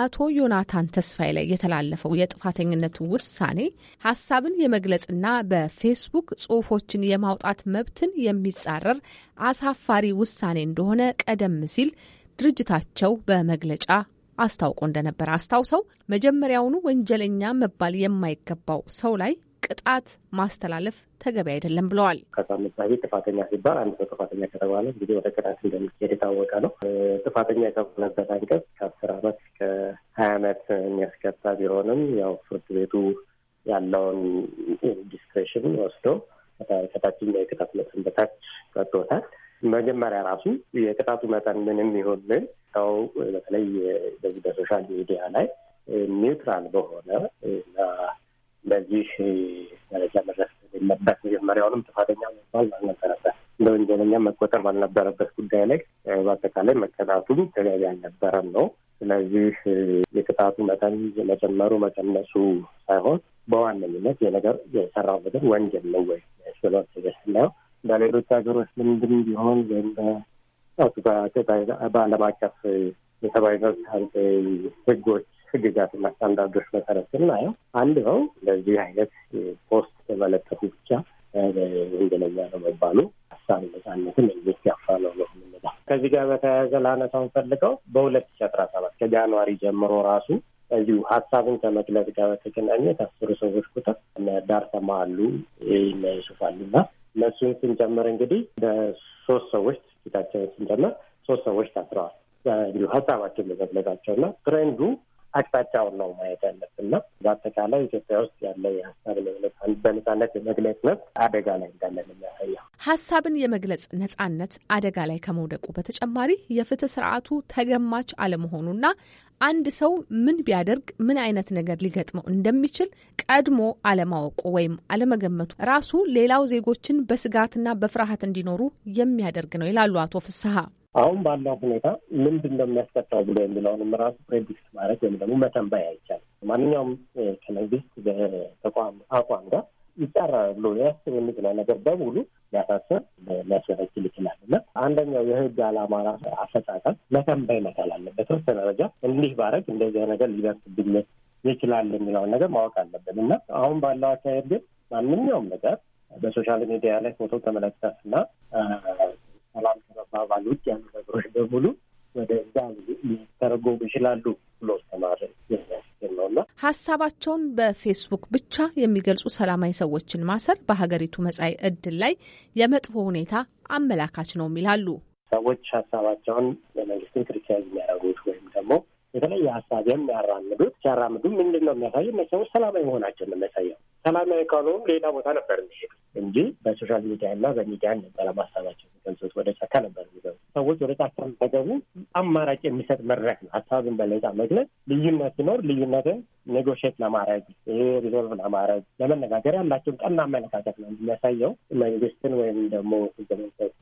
አቶ ዮናታን ተስፋዬ ላይ የተላለፈው የጥፋተኝነት ውሳኔ ሀሳብን የመግለጽና በፌስቡክ ጽሁፎችን የማውጣት መብትን የሚጻረር አሳፋሪ ውሳኔ እንደሆነ ቀደም ሲል ድርጅታቸው በመግለጫ አስታውቆ እንደነበረ አስታውሰው መጀመሪያውኑ ወንጀለኛ መባል የማይገባው ሰው ላይ ቅጣት ማስተላለፍ ተገቢ አይደለም ብለዋል። ከሳምንት በፊት ጥፋተኛ ሲባል አንድ ሰው ጥፋተኛ ከተባለ ጊዜ ወደ ቅጣት እንደሚሄድ የታወቀ ነው። ጥፋተኛ የተባለበት አንቀጽ ከአስር አመት እስከ ሀያ አመት የሚያስቀጣ ቢሆንም ያው ፍርድ ቤቱ ያለውን ዲስክሬሽን ወስዶ ከታችኛው የቅጣት መጠን በታች ቀጥቶታል። መጀመሪያ ራሱ የቅጣቱ መጠን ምንም ይሁን ምን ሰው በተለይ በዚህ በሶሻል ሚዲያ ላይ ኒውትራል በሆነ በዚህ መረጃ መድረስ የለበት መጀመሪያውንም ጥፋተኛ መባል አልነበረበት እንደ ወንጀለኛ መቆጠር ባልነበረበት ጉዳይ ላይ በአጠቃላይ መቀጣቱም ተገቢ አልነበረም ነው። ስለዚህ የቅጣቱ መጠን መጨመሩ መቀነሱ ሳይሆን በዋነኝነት የነገር የሰራው ነገር ወንጀል ነው ወይ ስሎት ስናየው በሌሎች ሀገሮች ልምድም ቢሆን ወይም በዓለም አቀፍ የሰብአዊ መብት ህጎች ህግጋት ህግጋትና ስታንዳርዶች መሰረት ስናየው አንድ ነው ለዚህ አይነት ፖስት የመለጠፉ ብቻ ወንጀለኛ ነው መባሉ ሀሳብ ነጻነትን የሚያፋ ነው ነው የምንለው። ከዚህ ጋር በተያያዘ ላነሳውን ፈልገው በሁለት ሺ አስራ ሰባት ከጃንዋሪ ጀምሮ ራሱ እዚሁ ሀሳብን ከመግለጽ ጋር በተገናኘ የታሰሩ ሰዎች ቁጥር ዳርተማ አሉ፣ ዩሱፍ አሉና እነሱን ስንጀምር እንግዲህ በሶስት ሰዎች ፊታቸውን ስንጀምር ሶስት ሰዎች ታስረዋል። እንዲሁ ሀሳባቸውን በመግለጻቸው እና ትሬንዱ አቅጣጫውን ነው ማየት ያለብን እና በአጠቃላይ ኢትዮጵያ ውስጥ ያለ የሀሳብ በነጻነት የመግለጽ መብት አደጋ ላይ እንዳለ የሚያሳየው ሀሳብን የመግለጽ ነጻነት አደጋ ላይ ከመውደቁ በተጨማሪ የፍትህ ስርዓቱ ተገማች አለመሆኑና አንድ ሰው ምን ቢያደርግ ምን አይነት ነገር ሊገጥመው እንደሚችል ቀድሞ አለማወቁ ወይም አለመገመቱ ራሱ ሌላው ዜጎችን በስጋትና በፍርሃት እንዲኖሩ የሚያደርግ ነው ይላሉ አቶ ፍስሀ። አሁን ባለው ሁኔታ ምንድን ነው ብሎ የሚለውንም ራሱ ፕሬዲክት ማድረግ ወይም ደግሞ መተንበይ አይቻልም። ማንኛውም ከመንግስት በተቋም አቋም ጋር ይጠራ ብሎ ያስብ የሚችለው ነገር በሙሉ ሊያሳስብ ሊያስበረችል ይችላል። አንደኛው የህግ ዓላማ ራሱ አፈጻጸም መተንበይ መቻል አለበት። በተወሰነ ደረጃ እንዲህ ባረግ እንደዚህ ነገር ሊደርስብኝ ይችላል የሚለውን ነገር ማወቅ አለብን እና አሁን ባለው አካሄድ ግን ማንኛውም ነገር በሶሻል ሚዲያ ላይ ፎቶ ከመለጠፍ እና ሰላም ከመባባል ውጭ ያሉ ነገሮች በሙሉ ወደ እዛ ሊተረጎሙ ይችላሉ ብሎ ተማር ሀሳባቸውን በፌስቡክ ብቻ የሚገልጹ ሰላማዊ ሰዎችን ማሰር በሀገሪቱ መጻኢ እድል ላይ የመጥፎ ሁኔታ አመላካች ነው ይላሉ። ሰዎች ሀሳባቸውን ለመንግስትን ክርስቲያን የሚያደርጉት ወይም ደግሞ የተለየ ሀሳብ የሚያራምዱት ሲያራምዱ ምንድን ነው የሚያሳየው? ሰላማዊ መሆናቸው ነው የሚያሳየው። ተማማኝ ካልሆኑ ሌላ ቦታ ነበር የሚሄዱ እንጂ በሶሻል ሚዲያ እና በሚዲያ ነበረ ማሳባቸው የሚገልጹት። ወደ ጫካ ነበር የሚገቡ ሰዎች። ወደ ጫካ የሚገቡ አማራጭ የሚሰጥ መድረክ ነው። ሀሳብን በለጣ መግለጽ፣ ልዩነት ሲኖር ልዩነትን ኔጎሽት ለማድረግ ይሄ ሪዞልቭ ለማድረግ ለመነጋገር ያላቸውን ቀና አመለካከት ነው የሚያሳየው። መንግስትን ወይም ደግሞ ህገ መንግስት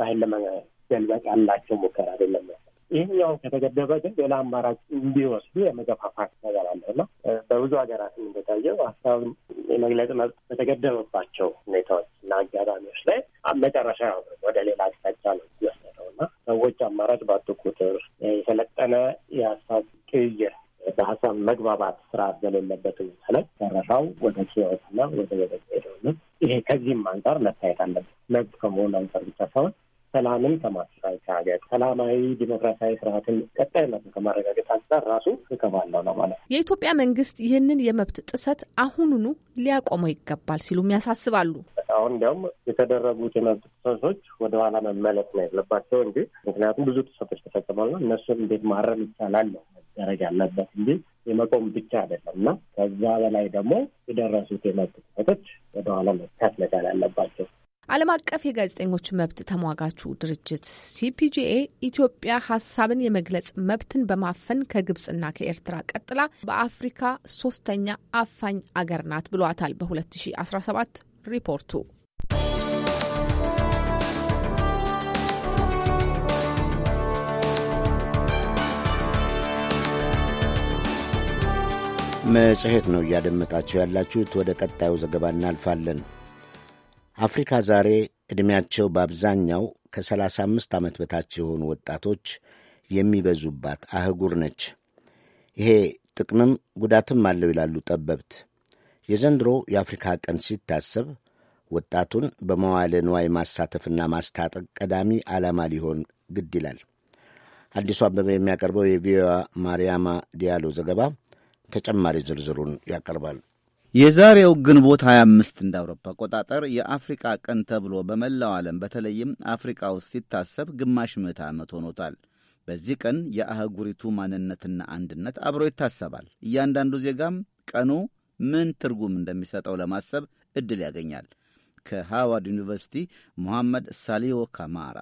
በኃይል ለመገልበጥ ያላቸው ሙከራ አይደለም። ይህኛው ከተገደበ ግን ሌላ አማራጭ እንዲወስዱ የመገፋፋት ነገር አለ እና በብዙ ሀገራትም እንደታየው ሀሳብን የመግለጽ መብት በተገደበባቸው ሁኔታዎች እና አጋጣሚዎች ላይ መጨረሻ ወደ ሌላ አቅጣጫ ነው ወሰደው እና ሰዎች አማራጭ ባጡ ቁጥር የሰለጠነ የሀሳብ ቅይር በሀሳብ መግባባት ስርዓት በሌለበት ሁኔታ ላይ መጨረሻው ወደ ሲወትና ወደ ወደ ሄደውንም ይሄ ከዚህም አንጻር መታየት አለበት። መብት ከመሆኑ አንጻር ብቻ ሳይሆን ሰላምን ከማስራት ሰላማዊ ዲሞክራሲያዊ ስርዓትን ቀጣይነት ከማረጋገጥ አንጻር ራሱ እከባለው ነው ማለት ነው። የኢትዮጵያ መንግስት ይህንን የመብት ጥሰት አሁኑኑ ሊያቆመው ይገባል ሲሉም ያሳስባሉ። አሁን እንዲያውም የተደረጉት የመብት ጥሰቶች ወደኋላ መመለስ ነው የለባቸው እንጂ ምክንያቱም ብዙ ጥሰቶች ተፈጽመዋልና እነሱን እንዴት ማረም ይቻላል ነው መደረግ ያለበት እንጂ የመቆም ብቻ አይደለም እና ከዛ በላይ ደግሞ የደረሱት የመብት ጥሰቶች ወደኋላ መካት መቻል ያለባቸው ዓለም አቀፍ የጋዜጠኞች መብት ተሟጋቹ ድርጅት ሲፒጂኤ ኢትዮጵያ ሀሳብን የመግለጽ መብትን በማፈን ከግብጽና ከኤርትራ ቀጥላ በአፍሪካ ሶስተኛ አፋኝ አገር ናት ብሏታል። በ2017 ሪፖርቱ መጽሔት ነው እያደመጣችሁ ያላችሁት። ወደ ቀጣዩ ዘገባ እናልፋለን። አፍሪካ ዛሬ ዕድሜያቸው በአብዛኛው ከ35 ዓመት በታች የሆኑ ወጣቶች የሚበዙባት አህጉር ነች። ይሄ ጥቅምም ጉዳትም አለው ይላሉ ጠበብት። የዘንድሮ የአፍሪካ ቀን ሲታሰብ ወጣቱን በመዋለ ንዋይ ማሳተፍና ማስታጠቅ ቀዳሚ ዓላማ ሊሆን ግድ ይላል። አዲሱ አበበ የሚያቀርበው የቪዮዋ ማርያማ ዲያሎ ዘገባ ተጨማሪ ዝርዝሩን ያቀርባል። የዛሬው ግንቦት 25 እንደ አውሮፓ አቆጣጠር የአፍሪቃ ቀን ተብሎ በመላው ዓለም በተለይም አፍሪቃ ውስጥ ሲታሰብ ግማሽ ምዕተ ዓመት ሆኖታል። በዚህ ቀን የአህጉሪቱ ማንነትና አንድነት አብሮ ይታሰባል። እያንዳንዱ ዜጋም ቀኑ ምን ትርጉም እንደሚሰጠው ለማሰብ ዕድል ያገኛል። ከሃዋርድ ዩኒቨርሲቲ ሙሐመድ ሳሊዮ ካማራ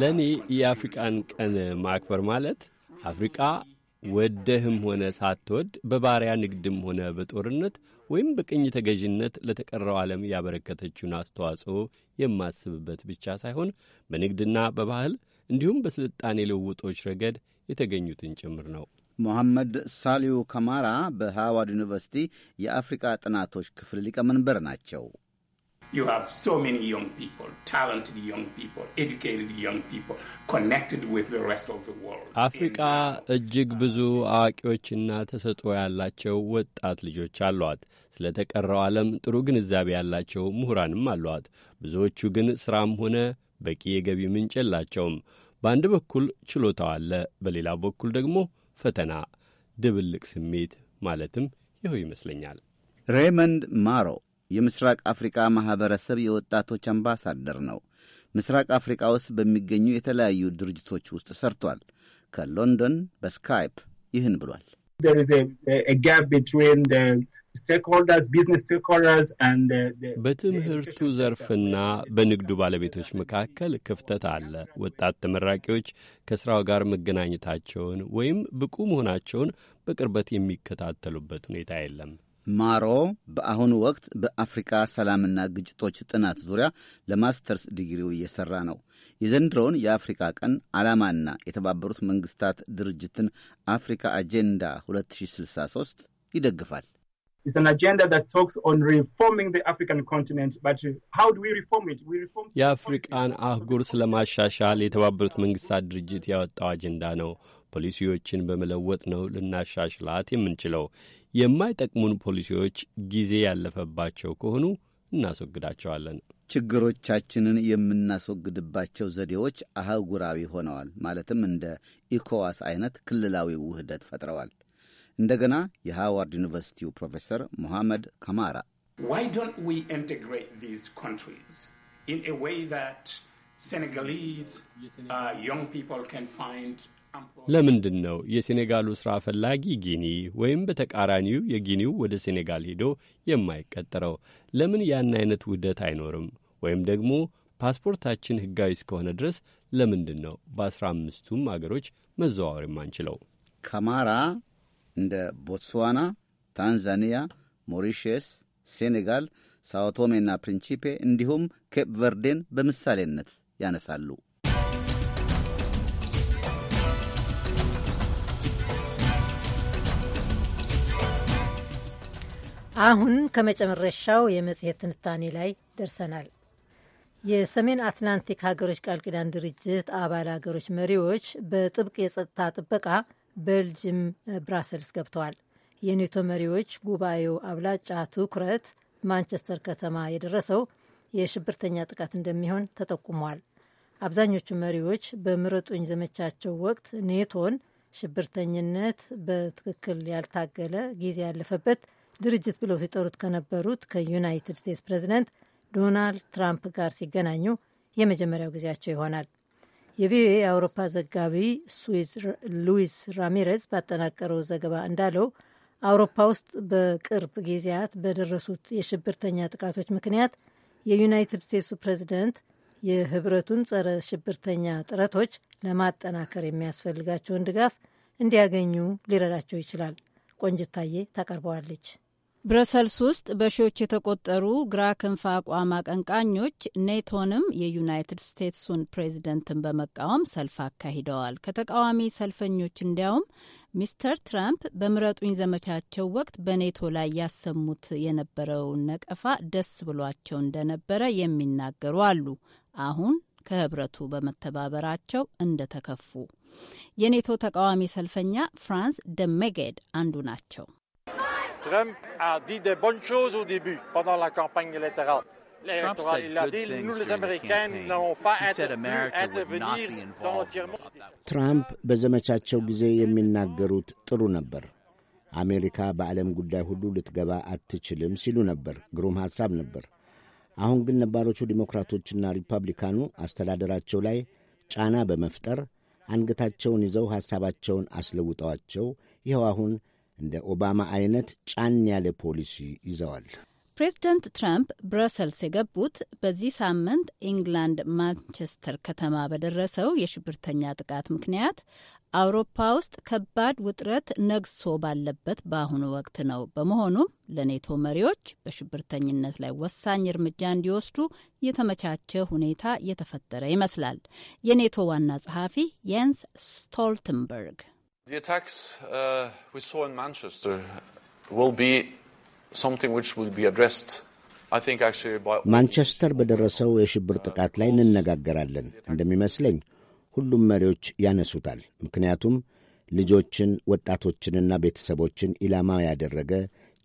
ለእኔ የአፍሪቃን ቀን ማክበር ማለት አፍሪቃ ወደህም ሆነ ሳትወድ በባሪያ ንግድም ሆነ በጦርነት ወይም በቅኝ ተገዥነት ለተቀረው ዓለም ያበረከተችውን አስተዋጽኦ የማስብበት ብቻ ሳይሆን በንግድና በባህል እንዲሁም በስልጣኔ ልውውጦች ረገድ የተገኙትን ጭምር ነው። ሞሐመድ ሳሊው ከማራ በሃዋርድ ዩኒቨርሲቲ የአፍሪቃ ጥናቶች ክፍል ሊቀመንበር ናቸው። አፍሪቃ እጅግ ብዙ አዋቂዎችና ተሰጥኦ ያላቸው ወጣት ልጆች አሏት። ስለ ተቀረው ዓለም ጥሩ ግንዛቤ ያላቸው ምሁራንም አሏት። ብዙዎቹ ግን ሥራም ሆነ በቂ የገቢ ምንጭ የላቸውም። በአንድ በኩል ችሎታው አለ፣ በሌላ በኩል ደግሞ ፈተና፣ ድብልቅ ስሜት ማለትም ይኸው ይመስለኛል። ሬይመንድ ማሮ የምስራቅ አፍሪቃ ማኅበረሰብ የወጣቶች አምባሳደር ነው። ምስራቅ አፍሪቃ ውስጥ በሚገኙ የተለያዩ ድርጅቶች ውስጥ ሰርቷል። ከሎንዶን በስካይፕ ይህን ብሏል። በትምህርቱ ዘርፍና በንግዱ ባለቤቶች መካከል ክፍተት አለ። ወጣት ተመራቂዎች ከስራው ጋር መገናኘታቸውን ወይም ብቁ መሆናቸውን በቅርበት የሚከታተሉበት ሁኔታ የለም። ማሮ በአሁኑ ወቅት በአፍሪካ ሰላምና ግጭቶች ጥናት ዙሪያ ለማስተርስ ዲግሪው እየሰራ ነው። የዘንድሮውን የአፍሪካ ቀን ዓላማና የተባበሩት መንግስታት ድርጅትን አፍሪካ አጀንዳ 2063 ይደግፋል። የአፍሪቃን አህጉር ስለማሻሻል የተባበሩት መንግስታት ድርጅት ያወጣው አጀንዳ ነው። ፖሊሲዎችን በመለወጥ ነው ልናሻሽላት የምንችለው። የማይጠቅሙን ፖሊሲዎች ጊዜ ያለፈባቸው ከሆኑ እናስወግዳቸዋለን። ችግሮቻችንን የምናስወግድባቸው ዘዴዎች አህጉራዊ ሆነዋል። ማለትም እንደ ኢኮዋስ አይነት ክልላዊ ውህደት ፈጥረዋል። እንደገና የሃዋርድ ዩኒቨርሲቲው ፕሮፌሰር ሞሐመድ ከማራ ለምንድን ነው የሴኔጋሉ ሥራ ፈላጊ ጊኒ ወይም በተቃራኒው የጊኒው ወደ ሴኔጋል ሄዶ የማይቀጠረው? ለምን ያን አይነት ውህደት አይኖርም? ወይም ደግሞ ፓስፖርታችን ሕጋዊ እስከሆነ ድረስ ለምንድን ነው በአስራ አምስቱም አገሮች መዘዋወር የማንችለው? ከማራ እንደ ቦትስዋና፣ ታንዛኒያ፣ ሞሪሽስ ሴኔጋል፣ ሳኦቶሜና ፕሪንቺፔ እንዲሁም ኬፕ ቨርዴን በምሳሌነት ያነሳሉ። አሁን ከመጨረሻው የመጽሔት ትንታኔ ላይ ደርሰናል። የሰሜን አትላንቲክ ሀገሮች ቃል ኪዳን ድርጅት አባል ሀገሮች መሪዎች በጥብቅ የጸጥታ ጥበቃ ቤልጅም ብራሰልስ ገብተዋል። የኔቶ መሪዎች ጉባኤው አብላጫ ትኩረት ማንቸስተር ከተማ የደረሰው የሽብርተኛ ጥቃት እንደሚሆን ተጠቁሟል። አብዛኞቹ መሪዎች በምረጡኝ ዘመቻቸው ወቅት ኔቶን ሽብርተኝነት በትክክል ያልታገለ ጊዜ ያለፈበት ድርጅት ብለው ሲጠሩት ከነበሩት ከዩናይትድ ስቴትስ ፕሬዚደንት ዶናልድ ትራምፕ ጋር ሲገናኙ የመጀመሪያው ጊዜያቸው ይሆናል። የቪኦኤ የአውሮፓ ዘጋቢ ሉዊስ ራሚሬዝ ባጠናቀረው ዘገባ እንዳለው አውሮፓ ውስጥ በቅርብ ጊዜያት በደረሱት የሽብርተኛ ጥቃቶች ምክንያት የዩናይትድ ስቴትሱ ፕሬዚደንት የህብረቱን ጸረ ሽብርተኛ ጥረቶች ለማጠናከር የሚያስፈልጋቸውን ድጋፍ እንዲያገኙ ሊረዳቸው ይችላል። ቆንጅታዬ ታቀርበዋለች። ብረሰልስ ውስጥ በሺዎች የተቆጠሩ ግራ ክንፍ አቋም አቀንቃኞች ኔቶንም የዩናይትድ ስቴትሱን ፕሬዚደንትን በመቃወም ሰልፍ አካሂደዋል። ከተቃዋሚ ሰልፈኞች እንዲያውም ሚስተር ትራምፕ በምረጡኝ ዘመቻቸው ወቅት በኔቶ ላይ ያሰሙት የነበረውን ነቀፋ ደስ ብሏቸው እንደነበረ የሚናገሩ አሉ። አሁን ከህብረቱ በመተባበራቸው እንደተከፉ የኔቶ ተቃዋሚ ሰልፈኛ ፍራንስ ደሜጌድ አንዱ ናቸው። Trump a dit des bonnes choses au début, pendant la campagne électorale. a ትራምፕ በዘመቻቸው ጊዜ የሚናገሩት ጥሩ ነበር። አሜሪካ በዓለም ጉዳይ ሁሉ ልትገባ አትችልም ሲሉ ነበር። ግሩም ሐሳብ ነበር። አሁን ግን ነባሮቹ ዲሞክራቶችና ሪፐብሊካኑ አስተዳደራቸው ላይ ጫና በመፍጠር አንገታቸውን ይዘው ሐሳባቸውን አስለውጠዋቸው ይኸው አሁን እንደ ኦባማ አይነት ጫን ያለ ፖሊሲ ይዘዋል። ፕሬዚደንት ትራምፕ ብረሰልስ የገቡት በዚህ ሳምንት ኢንግላንድ ማንቸስተር ከተማ በደረሰው የሽብርተኛ ጥቃት ምክንያት አውሮፓ ውስጥ ከባድ ውጥረት ነግሶ ባለበት በአሁኑ ወቅት ነው። በመሆኑም ለኔቶ መሪዎች በሽብርተኝነት ላይ ወሳኝ እርምጃ እንዲወስዱ የተመቻቸ ሁኔታ የተፈጠረ ይመስላል። የኔቶ ዋና ጸሐፊ የንስ ስቶልተንበርግ The attacks uh, we saw in Manchester will be something which will be addressed ማንቸስተር በደረሰው የሽብር ጥቃት ላይ እንነጋገራለን እንደሚመስለኝ ሁሉም መሪዎች ያነሱታል። ምክንያቱም ልጆችን ወጣቶችንና ቤተሰቦችን ኢላማ ያደረገ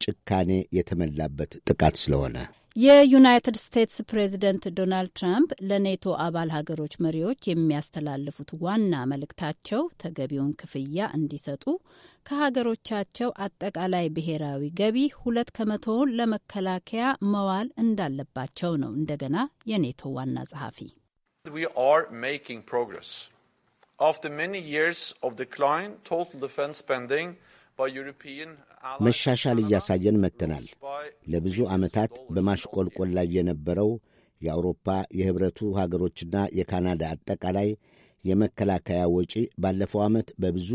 ጭካኔ የተመላበት ጥቃት ስለሆነ የዩናይትድ ስቴትስ ፕሬዝደንት ዶናልድ ትራምፕ ለኔቶ አባል ሀገሮች መሪዎች የሚያስተላልፉት ዋና መልእክታቸው ተገቢውን ክፍያ እንዲሰጡ ከሀገሮቻቸው አጠቃላይ ብሔራዊ ገቢ ሁለት ከመቶውን ለመከላከያ መዋል እንዳለባቸው ነው። እንደገና የኔቶ ዋና ጸሐፊ ፕሮግረስ መሻሻል እያሳየን መጥተናል። ለብዙ ዓመታት በማሽቆልቆል ላይ የነበረው የአውሮፓ የኅብረቱ ሀገሮችና የካናዳ አጠቃላይ የመከላከያ ወጪ ባለፈው ዓመት በብዙ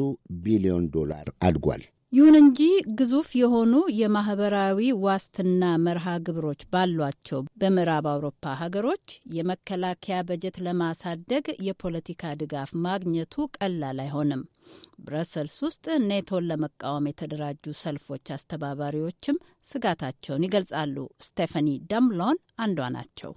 ቢሊዮን ዶላር አድጓል። ይሁን እንጂ ግዙፍ የሆኑ የማህበራዊ ዋስትና መርሃ ግብሮች ባሏቸው በምዕራብ አውሮፓ ሀገሮች የመከላከያ በጀት ለማሳደግ የፖለቲካ ድጋፍ ማግኘቱ ቀላል አይሆንም። ብረሰልስ ውስጥ ኔቶን ለመቃወም የተደራጁ ሰልፎች አስተባባሪዎችም ስጋታቸውን ይገልጻሉ። ስቴፈኒ ደምሎን አንዷ ናቸው።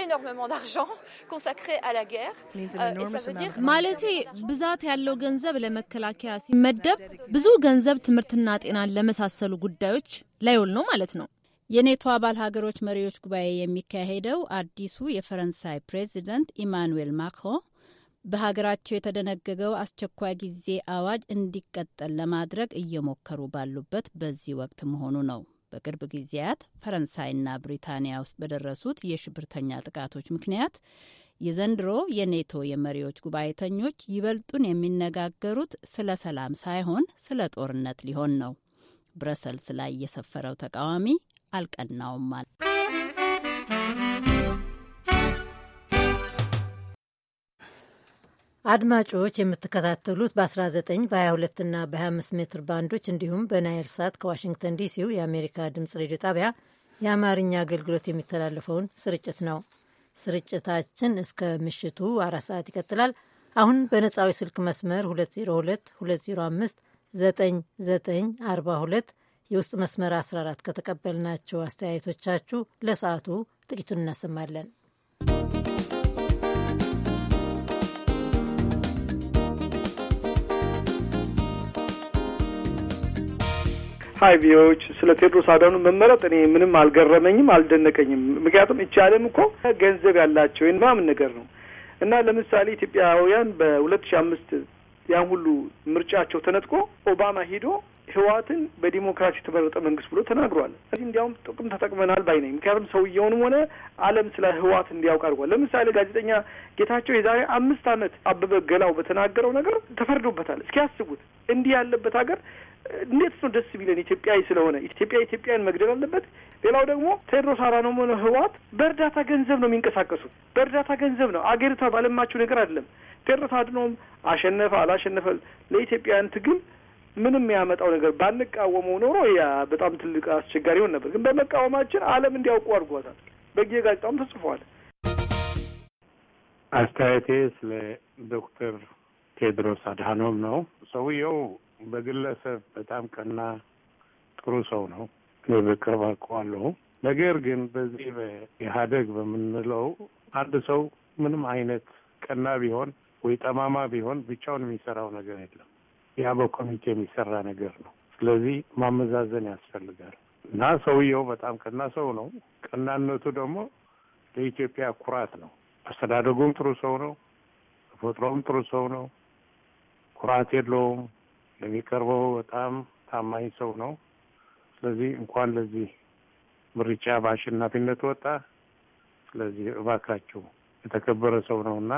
énormément d'argent consacré à la guerre. Euh, ማለቴ ብዛት ያለው ገንዘብ ለመከላከያ ሲመደብ ብዙ ገንዘብ ትምህርትና ጤናን ለመሳሰሉ ጉዳዮች ላይውል ነው ማለት ነው። የኔቶ አባል ሀገሮች መሪዎች ጉባኤ የሚካሄደው አዲሱ የፈረንሳይ ፕሬዚደንት ኢማኑዌል ማክሮን በሀገራቸው የተደነገገው አስቸኳይ ጊዜ አዋጅ እንዲቀጠል ለማድረግ እየሞከሩ ባሉበት በዚህ ወቅት መሆኑ ነው። በቅርብ ጊዜያት ፈረንሳይና ብሪታንያ ውስጥ በደረሱት የሽብርተኛ ጥቃቶች ምክንያት የዘንድሮ የኔቶ የመሪዎች ጉባኤተኞች ይበልጡን የሚነጋገሩት ስለ ሰላም ሳይሆን ስለ ጦርነት ሊሆን ነው። ብረሰልስ ላይ የሰፈረው ተቃዋሚ አልቀናውም አለ። አድማጮች የምትከታተሉት በ19 በ22 እና በ25 ሜትር ባንዶች እንዲሁም በናይል ሳት ከዋሽንግተን ዲሲው የአሜሪካ ድምፅ ሬዲዮ ጣቢያ የአማርኛ አገልግሎት የሚተላለፈውን ስርጭት ነው። ስርጭታችን እስከ ምሽቱ አራት ሰዓት ይቀጥላል። አሁን በነጻዊ ስልክ መስመር 2022059942 የውስጥ መስመር 14 ከተቀበልናቸው አስተያየቶቻችሁ ለሰዓቱ ጥቂቱን እናሰማለን። ፋይቪዎች ስለ ቴዎድሮስ አዳኑ መመረጥ እኔ ምንም አልገረመኝም፣ አልደነቀኝም። ምክንያቱም እቺ ዓለም እኮ ገንዘብ ያላቸው ምናምን ነገር ነው እና ለምሳሌ ኢትዮጵያውያን በሁለት ሺ አምስት ያን ሁሉ ምርጫቸው ተነጥቆ ኦባማ ሂዶ ህወሓትን በዲሞክራሲ የተመረጠ መንግስት ብሎ ተናግሯል። ስለዚህ እንዲያውም ጥቅም ተጠቅመናል ባይ ነኝ። ምክንያቱም ሰውየውንም ሆነ ዓለም ስለ ህወሓት እንዲያውቅ አድርጓል። ለምሳሌ ጋዜጠኛ ጌታቸው የዛሬ አምስት ዓመት አበበ ገላው በተናገረው ነገር ተፈርዶበታል። እስኪ ያስቡት እንዲህ ያለበት ሀገር እንዴት ነው ደስ ቢለን ኢትዮጵያዊ ስለሆነ ኢትዮጵያ ኢትዮጵያን መግደል አለበት። ሌላው ደግሞ ቴዎድሮስ አድሃኖም ሆነ ህወሓት በእርዳታ ገንዘብ ነው የሚንቀሳቀሱት። በእርዳታ ገንዘብ ነው አገሪቷ ባለማችው ነገር አይደለም። ቴድሮስ አድሃኖም አሸነፈ አላሸነፈ ለኢትዮጵያውያን ትግል ምንም ያመጣው ነገር ባንቃወመው ኖሮ ያ በጣም ትልቅ አስቸጋሪ ይሆን ነበር። ግን በመቃወማችን ዓለም እንዲያውቁ አድርጓታል። በየጋዜጣውም ተጽፏል። አስተያየቴ ስለ ዶክተር ቴዎድሮስ አድሃኖም ነው። ሰውየው በግለሰብ በጣም ቀና ጥሩ ሰው ነው። በቅርብ አውቀዋለሁ። ነገር ግን በዚህ በኢህአደግ በምንለው አንድ ሰው ምንም አይነት ቀና ቢሆን ወይ ጠማማ ቢሆን ብቻውን የሚሰራው ነገር የለም። ያ በኮሚቴ የሚሰራ ነገር ነው። ስለዚህ ማመዛዘን ያስፈልጋል እና ሰውየው በጣም ቀና ሰው ነው። ቀናነቱ ደግሞ ለኢትዮጵያ ኩራት ነው። አስተዳደጉም ጥሩ ሰው ነው። ተፈጥሮም ጥሩ ሰው ነው። ኩራት የለውም። ለሚቀርበው በጣም ታማኝ ሰው ነው። ስለዚህ እንኳን ለዚህ ምርጫ በአሸናፊነት ወጣ። ስለዚህ እባካችሁ የተከበረ ሰው ነው እና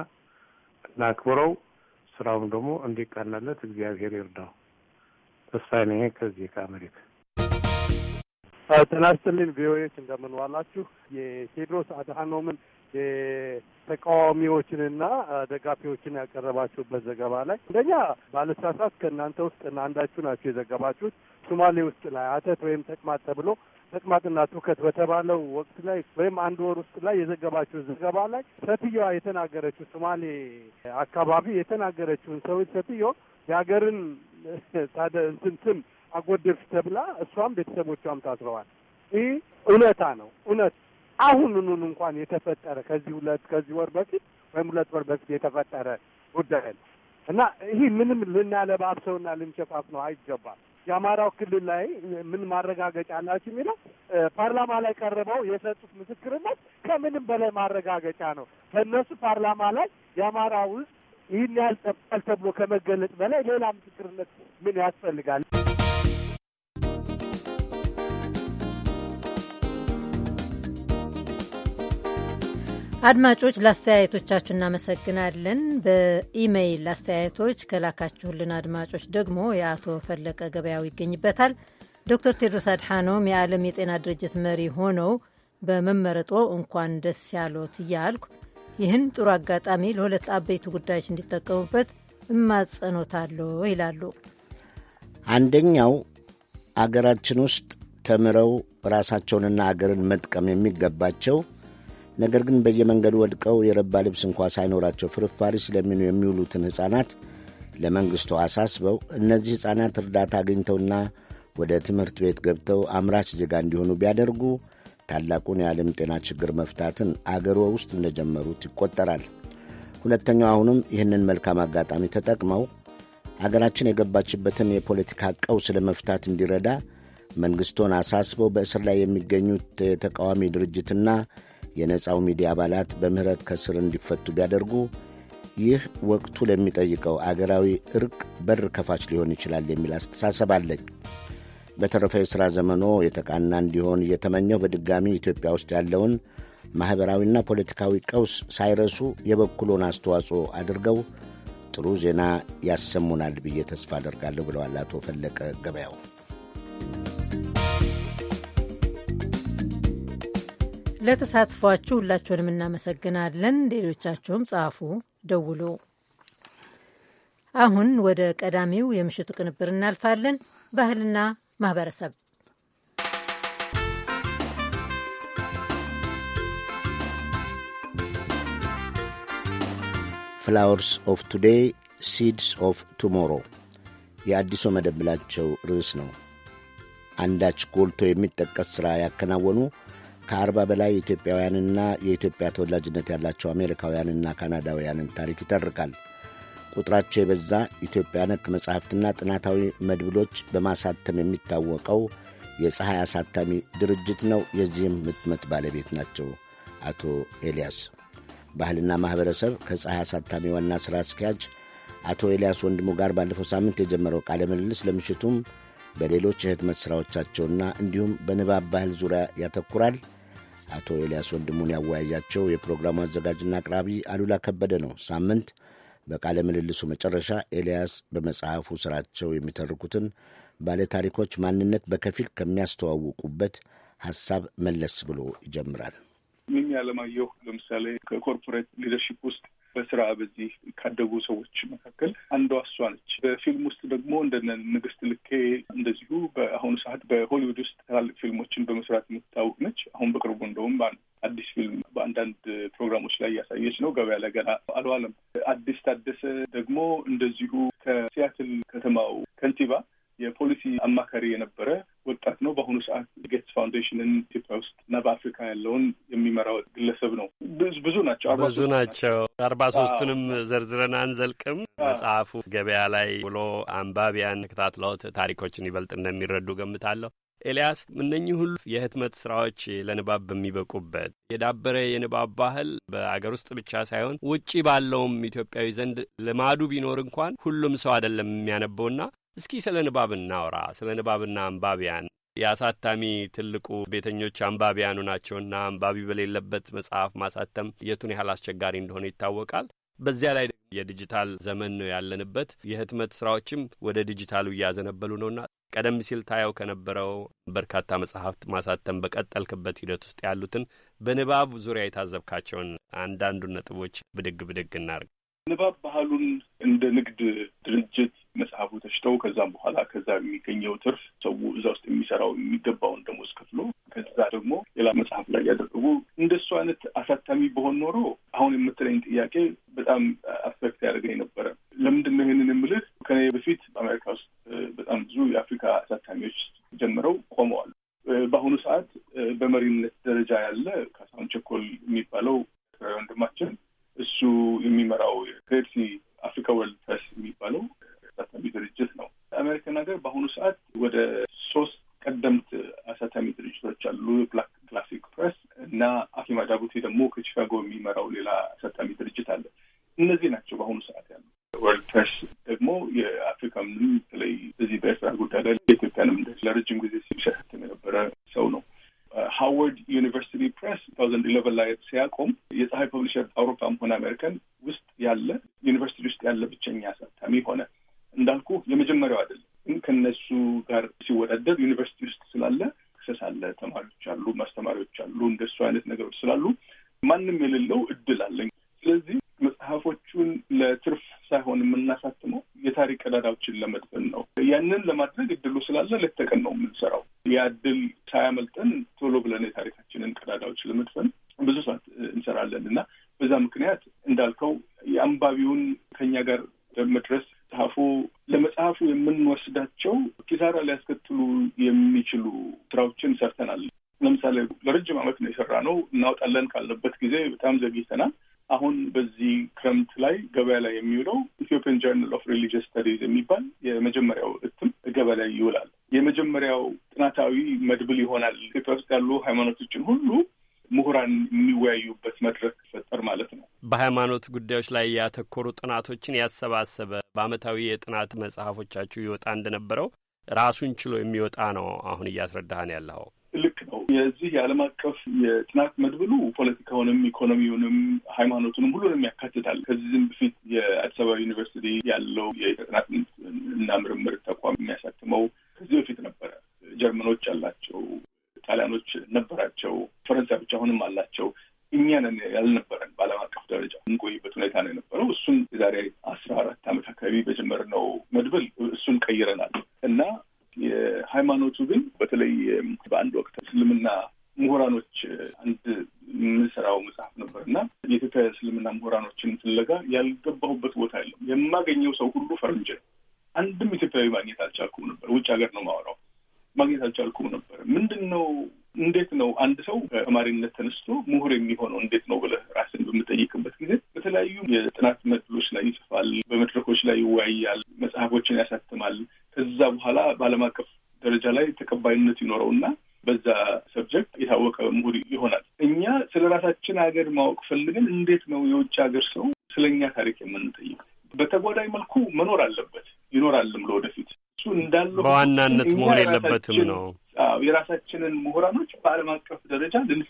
እናክብረው። ስራውን ደግሞ እንዲቀናለት እግዚአብሔር ይርዳው። ተሳኔ ከዚህ ከአሜሪካ ተናስትልን ቪኦኤዎች እንደምን ዋላችሁ? የቴድሮስ አድሃኖምን ተቃዋሚዎችንና ደጋፊዎችን ያቀረባችሁበት ዘገባ ላይ እንደኛ ባለሳሳት ከእናንተ ውስጥ እናንዳችሁ ናቸው የዘገባችሁት ሱማሌ ውስጥ ላይ አተት ወይም ተቅማጥ ተብሎ ተቅማጥና ትውከት በተባለው ወቅት ላይ ወይም አንድ ወር ውስጥ ላይ የዘገባችሁ ዘገባ ላይ ሴትዮዋ የተናገረችው ሱማሌ አካባቢ የተናገረችውን ሰዎች ሴትዮ የሀገርን ታደ እንትን ስም ተብላ እሷም ቤተሰቦቿም ታስረዋል። ይህ እውነታ ነው። እውነት አሁኑኑን እንኳን የተፈጠረ ከዚህ ሁለት ከዚህ ወር በፊት ወይም ሁለት ወር በፊት የተፈጠረ ጉዳይ ነው እና ይህ ምንም ልናለባብሰውና ነው አይገባም። የአማራው ክልል ላይ ምን ማረጋገጫ አላችሁ የሚለው ፓርላማ ላይ ቀርበው የሰጡት ምስክርነት ከምንም በላይ ማረጋገጫ ነው። ከእነሱ ፓርላማ ላይ የአማራ ውስጥ ይህን ያህል ጠብቋል ተብሎ ከመገለጽ በላይ ሌላ ምስክርነት ምን ያስፈልጋል? አድማጮች ለአስተያየቶቻችሁ እናመሰግናለን። በኢሜይል አስተያየቶች ከላካችሁልን አድማጮች ደግሞ የአቶ ፈለቀ ገበያው ይገኝበታል። ዶክተር ቴድሮስ አድሓኖም የዓለም የጤና ድርጅት መሪ ሆነው በመመረጦ እንኳን ደስ ያሎት እያልኩ ይህን ጥሩ አጋጣሚ ለሁለት አበይቱ ጉዳዮች እንዲጠቀሙበት እማጸኖታለሁ ይላሉ። አንደኛው አገራችን ውስጥ ተምረው ራሳቸውንና አገርን መጥቀም የሚገባቸው ነገር ግን በየመንገዱ ወድቀው የረባ ልብስ እንኳ ሳይኖራቸው ፍርፋሪ ስለሚኑ የሚውሉትን ሕፃናት ለመንግሥቱ አሳስበው እነዚህ ሕፃናት እርዳታ አግኝተውና ወደ ትምህርት ቤት ገብተው አምራች ዜጋ እንዲሆኑ ቢያደርጉ ታላቁን የዓለም ጤና ችግር መፍታትን አገሮ ውስጥ እንደጀመሩት ይቆጠራል። ሁለተኛው አሁንም ይህንን መልካም አጋጣሚ ተጠቅመው አገራችን የገባችበትን የፖለቲካ ቀውስ ለመፍታት እንዲረዳ መንግሥቶን አሳስበው በእስር ላይ የሚገኙት የተቃዋሚ ድርጅትና የነፃው ሚዲያ አባላት በምህረት ከስር እንዲፈቱ ቢያደርጉ ይህ ወቅቱ ለሚጠይቀው አገራዊ እርቅ በር ከፋች ሊሆን ይችላል የሚል አስተሳሰብ አለኝ። በተረፈ የሥራ ዘመኖ የተቃና እንዲሆን እየተመኘው በድጋሚ ኢትዮጵያ ውስጥ ያለውን ማኅበራዊና ፖለቲካዊ ቀውስ ሳይረሱ የበኩሎን አስተዋጽኦ አድርገው ጥሩ ዜና ያሰሙናል ብዬ ተስፋ አደርጋለሁ ብለዋል አቶ ፈለቀ ገበያው። ለተሳትፏችሁ ሁላችሁንም እናመሰግናለን። ሌሎቻችሁም ጻፉ፣ ደውሉ። አሁን ወደ ቀዳሚው የምሽቱ ቅንብር እናልፋለን። ባህልና ማህበረሰብ ፍላወርስ ኦፍ ቱዴይ ሲድስ ኦፍ ቱሞሮ የአዲሱ መደብላቸው ርዕስ ነው። አንዳች ጎልቶ የሚጠቀስ ሥራ ያከናወኑ ከአርባ በላይ ኢትዮጵያውያንና የኢትዮጵያ ተወላጅነት ያላቸው አሜሪካውያንና ካናዳውያንን ታሪክ ይተርካል። ቁጥራቸው የበዛ ኢትዮጵያ ነክ መጻሕፍትና ጥናታዊ መድብሎች በማሳተም የሚታወቀው የፀሐይ አሳታሚ ድርጅት ነው። የዚህም ህትመት ባለቤት ናቸው አቶ ኤልያስ ባህልና ማኅበረሰብ ከፀሐይ አሳታሚ ዋና ሥራ አስኪያጅ አቶ ኤልያስ ወንድሙ ጋር ባለፈው ሳምንት የጀመረው ቃለ ምልልስ ለምሽቱም በሌሎች የህትመት ሥራዎቻቸውና እንዲሁም በንባብ ባህል ዙሪያ ያተኩራል። አቶ ኤልያስ ወንድሙን ያወያያቸው የፕሮግራሙ አዘጋጅና አቅራቢ አሉላ ከበደ ነው። ሳምንት በቃለ ምልልሱ መጨረሻ ኤልያስ በመጽሐፉ ስራቸው የሚተርኩትን ባለታሪኮች ማንነት በከፊል ከሚያስተዋውቁበት ሀሳብ መለስ ብሎ ይጀምራል። ምን ያለማየሁ ለምሳሌ ከኮርፖሬት ሊደርሺፕ ውስጥ በስራ በዚህ ካደጉ ሰዎች መካከል አንዷ እሷ ነች። በፊልም ውስጥ ደግሞ እንደ ንግስት ልኬ እንደዚሁ በአሁኑ ሰዓት በሆሊውድ ውስጥ ትላልቅ ፊልሞችን በመስራት የምትታወቅ ነች። አሁን በቅርቡ እንደውም አዲስ ፊልም በአንዳንድ ፕሮግራሞች ላይ እያሳየች ነው። ገበያ ላይ ገና አልዋለም። አዲስ ታደሰ ደግሞ እንደዚሁ ከሲያትል ከተማው ከንቲባ የፖሊሲ አማካሪ የነበረ ወጣት ነው። በአሁኑ ሰዓት ጌትስ ፋውንዴሽንን ኢትዮጵያ ውስጥ እና በአፍሪካ ያለውን የሚመራ ግለሰብ ነው። ብዙ ናቸው፣ ብዙ ናቸው። አርባ ሶስቱንም ዘርዝረን አንዘልቅም። መጽሐፉ ገበያ ላይ ውሎ አንባቢያን ተከታትለውት ታሪኮችን ይበልጥ እንደሚረዱ ገምታለሁ። ኤልያስ እነኚህ ሁሉ የህትመት ስራዎች ለንባብ በሚበቁበት የዳበረ የንባብ ባህል በአገር ውስጥ ብቻ ሳይሆን ውጪ ባለውም ኢትዮጵያዊ ዘንድ ልማዱ ቢኖር እንኳን ሁሉም ሰው አይደለም የሚያነበውና እስኪ ስለ ንባብ እናውራ። ስለ ንባብና አንባቢያን የአሳታሚ ትልቁ ቤተኞች አንባቢያኑ ናቸውና አንባቢ በሌለበት መጽሐፍ ማሳተም የቱን ያህል አስቸጋሪ እንደሆነ ይታወቃል። በዚያ ላይ የዲጂታል ዘመን ነው ያለንበት። የህትመት ስራዎችም ወደ ዲጂታሉ እያዘነበሉ ነውና ቀደም ሲል ታየው ከነበረው በርካታ መጽሐፍት ማሳተም በቀጠልክበት ሂደት ውስጥ ያሉትን በንባብ ዙሪያ የታዘብካቸውን አንዳንዱ ነጥቦች ብድግ ብድግ እናርግ። ንባብ ባህሉን እንደ ንግድ ድርጅት መጽሐፉ ተሽተው ከዛም በኋላ ከዛ የሚገኘው ትርፍ ሰው እዛ ውስጥ የሚሰራው የሚገባውን ደሞዝ ከፍሎ ከዛ ደግሞ ሌላ መጽሐፍ ላይ ያደረጉ እንደሱ አይነት አሳታሚ በሆን ኖሮ አሁን የምትለኝ ጥያቄ በጣም አስፔክት ያደርገኝ ነበረ። ለምንድን ነው ይህንን የምልህ? ከኔ በፊት አሜሪካ ውስጥ በጣም ብዙ የአፍሪካ አሳታሚዎች ጀምረው ቆመዋል። በአሁኑ ሰዓት በመሪነት ሃይማኖት ጉዳዮች ላይ ያተኮሩ ጥናቶችን ያሰባሰበ በአመታዊ የጥናት መጽሐፎቻችሁ ይወጣ እንደነበረው ራሱን ችሎ የሚወጣ ነው። አሁን እያስረዳህን ያለኸው ልክ ነው። የዚህ የዓለም አቀፍ የጥናት መድብሉ ፖለቲካውንም፣ ኢኮኖሚውንም፣ ሃይማኖቱንም ሁሉንም ያካትታል። ከዚህም በፊት የአዲስ አበባ ዩኒቨርሲቲ ያለው የጥናት እና ምርምር ተቋም የሚያሳትመው ከዚህ በፊት ነበረ። ጀርመኖች አላቸው፣ ጣሊያኖች ነበራቸው፣ ፈረንሳይ ብቻ አሁንም አላቸው። ዋናነት መሆን የለበትም ነው። የራሳችንን ምሁራኖች በዓለም አቀፍ ደረጃ ልንፈ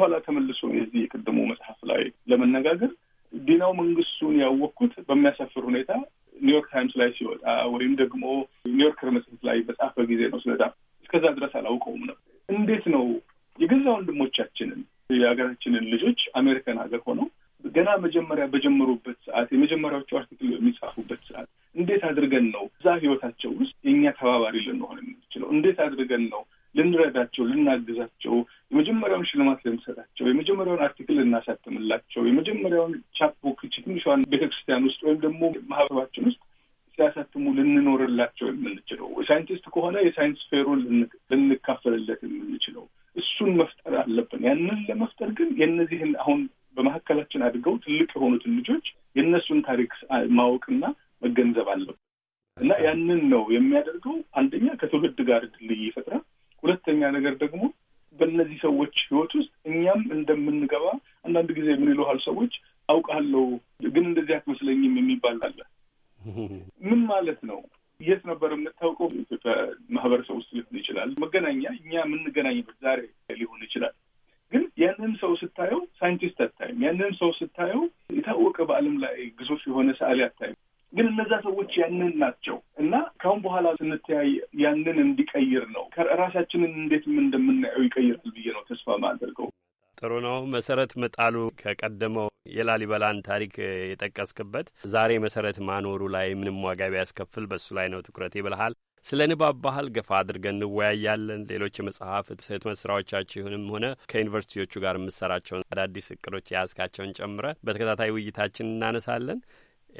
ወደኋላ ተመልሶ የዚህ የቅድሞ መጽሐፍ ላይ ለመነጋገር ዲናው መንግስቱን ያወቅኩት በሚያሳፍር ሁኔታ ኒውዮርክ ታይምስ ላይ ሲወጣ ወይም ደግሞ ኒውዮርከር መጽሔት ላይ በጻፈ ጊዜ ነው። ስለዛ እስከዛ ድረስ አላውቀውም ነው። እንዴት ነው የገዛ ወንድሞቻችንን የሀገራችንን ልጆች አሜሪካን ሀገር ሆነው ገና መጀመሪያ በጀመሩበት ሰዓት የመጀመሪያዎቹ አርቲክል የሚጻፉበት ሰዓት እንዴት አድርገን ነው እዛ ህይወታቸው ውስጥ የእኛ ተባባሪ ልንሆን የምንችለው? እንዴት አድርገን ነው ልንረዳቸው፣ ልናግዛቸው የመጀመሪያውን ሽልማት ልንሰጣቸው፣ የመጀመሪያውን አርቲክል ልናሳትምላቸው፣ የመጀመሪያውን ቻፕቡክ ትንሿን ቤተክርስቲያን ውስጥ ወይም ደግሞ ማህበራችን ውስጥ ሲያሳትሙ ልንኖርላቸው የምንችለው ሳይንቲስት ከሆነ የሳይንስ ፌሩን ልንካፈልለት የምንችለው እሱን መፍጠር አለብን። ያንን ለመፍጠር ግን የእነዚህን አሁን በመካከላችን አድገው ትልቅ የሆኑትን ልጆች የእነሱን ታሪክ ማወቅና መገንዘብ አለብን እና ያንን ነው የሚያደርገው። አንደኛ ከትውልድ ጋር ድልድይ ይፈጥራል። ሁለተኛ ነገር ደግሞ በእነዚህ ሰዎች ህይወት ውስጥ እኛም እንደምንገባ አንዳንድ ጊዜ ምን ይለሃል ሰዎች አውቃለሁ፣ ግን እንደዚህ አትመስለኝም የሚባል አለ። ምን ማለት ነው? የት ነበር የምታውቀው? ኢትዮጵያ ማህበረሰብ ውስጥ ሊሆን ይችላል። መገናኛ እኛ የምንገናኝበት ዛሬ ሊሆን ይችላል። ግን ያንን ሰው ስታየው ሳይንቲስት አታይም። ያንን ሰው ስታየው የታወቀ በዓለም ላይ ግዙፍ የሆነ ሰዓሊ አታይም። ግን እነዛ ሰዎች ያንን ናቸው እና ካሁን በኋላ ስንተያይ ያንን እንዲቀይር ነው ራሳችንን እንዴትም እንደምናየው ይቀይራል ብዬ ነው ተስፋ ማደርገው። ጥሩ ነው። መሰረት መጣሉ ከቀደመው የላሊበላን ታሪክ የጠቀስክበት ዛሬ መሰረት ማኖሩ ላይ ምንም ዋጋ ቢያስከፍል በሱ ላይ ነው ትኩረት ይብልሃል። ስለ ንባብ ባህል ገፋ አድርገን እንወያያለን። ሌሎች የመጽሐፍ ህትመት ስራዎቻችሁንም ሆነ ከዩኒቨርሲቲዎቹ ጋር የምሰራቸውን አዳዲስ እቅዶች የያዝካቸውን ጨምረ በተከታታይ ውይይታችን እናነሳለን።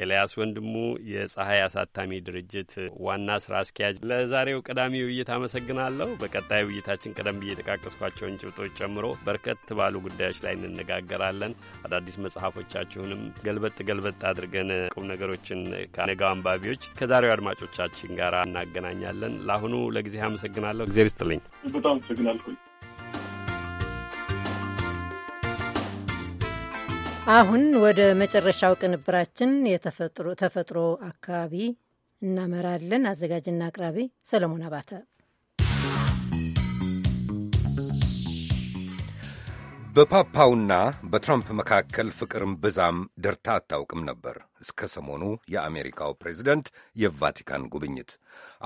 ኤልያስ ወንድሙ የፀሐይ አሳታሚ ድርጅት ዋና ስራ አስኪያጅ፣ ለዛሬው ቀዳሚ ውይይት አመሰግናለሁ። በቀጣይ ውይይታችን ቀደም ብዬ የጠቃቀስኳቸውን ጭብጦች ጨምሮ በርከት ባሉ ጉዳዮች ላይ እንነጋገራለን። አዳዲስ መጽሐፎቻችሁንም ገልበጥ ገልበጥ አድርገን ቁም ነገሮችን ከነጋው አንባቢዎች ከዛሬው አድማጮቻችን ጋር እናገናኛለን። ለአሁኑ ለጊዜ አመሰግናለሁ። እግዜር ይስጥልኝ። በጣም አመሰግናለሁ። አሁን ወደ መጨረሻው ቅንብራችን የተፈጥሮ ተፈጥሮ አካባቢ እናመራለን። አዘጋጅና አቅራቢ ሰለሞን አባተ በፓፓውና በትራምፕ መካከል ፍቅርም ብዛም ደርታ አታውቅም ነበር እስከ ሰሞኑ የአሜሪካው ፕሬዚደንት የቫቲካን ጉብኝት።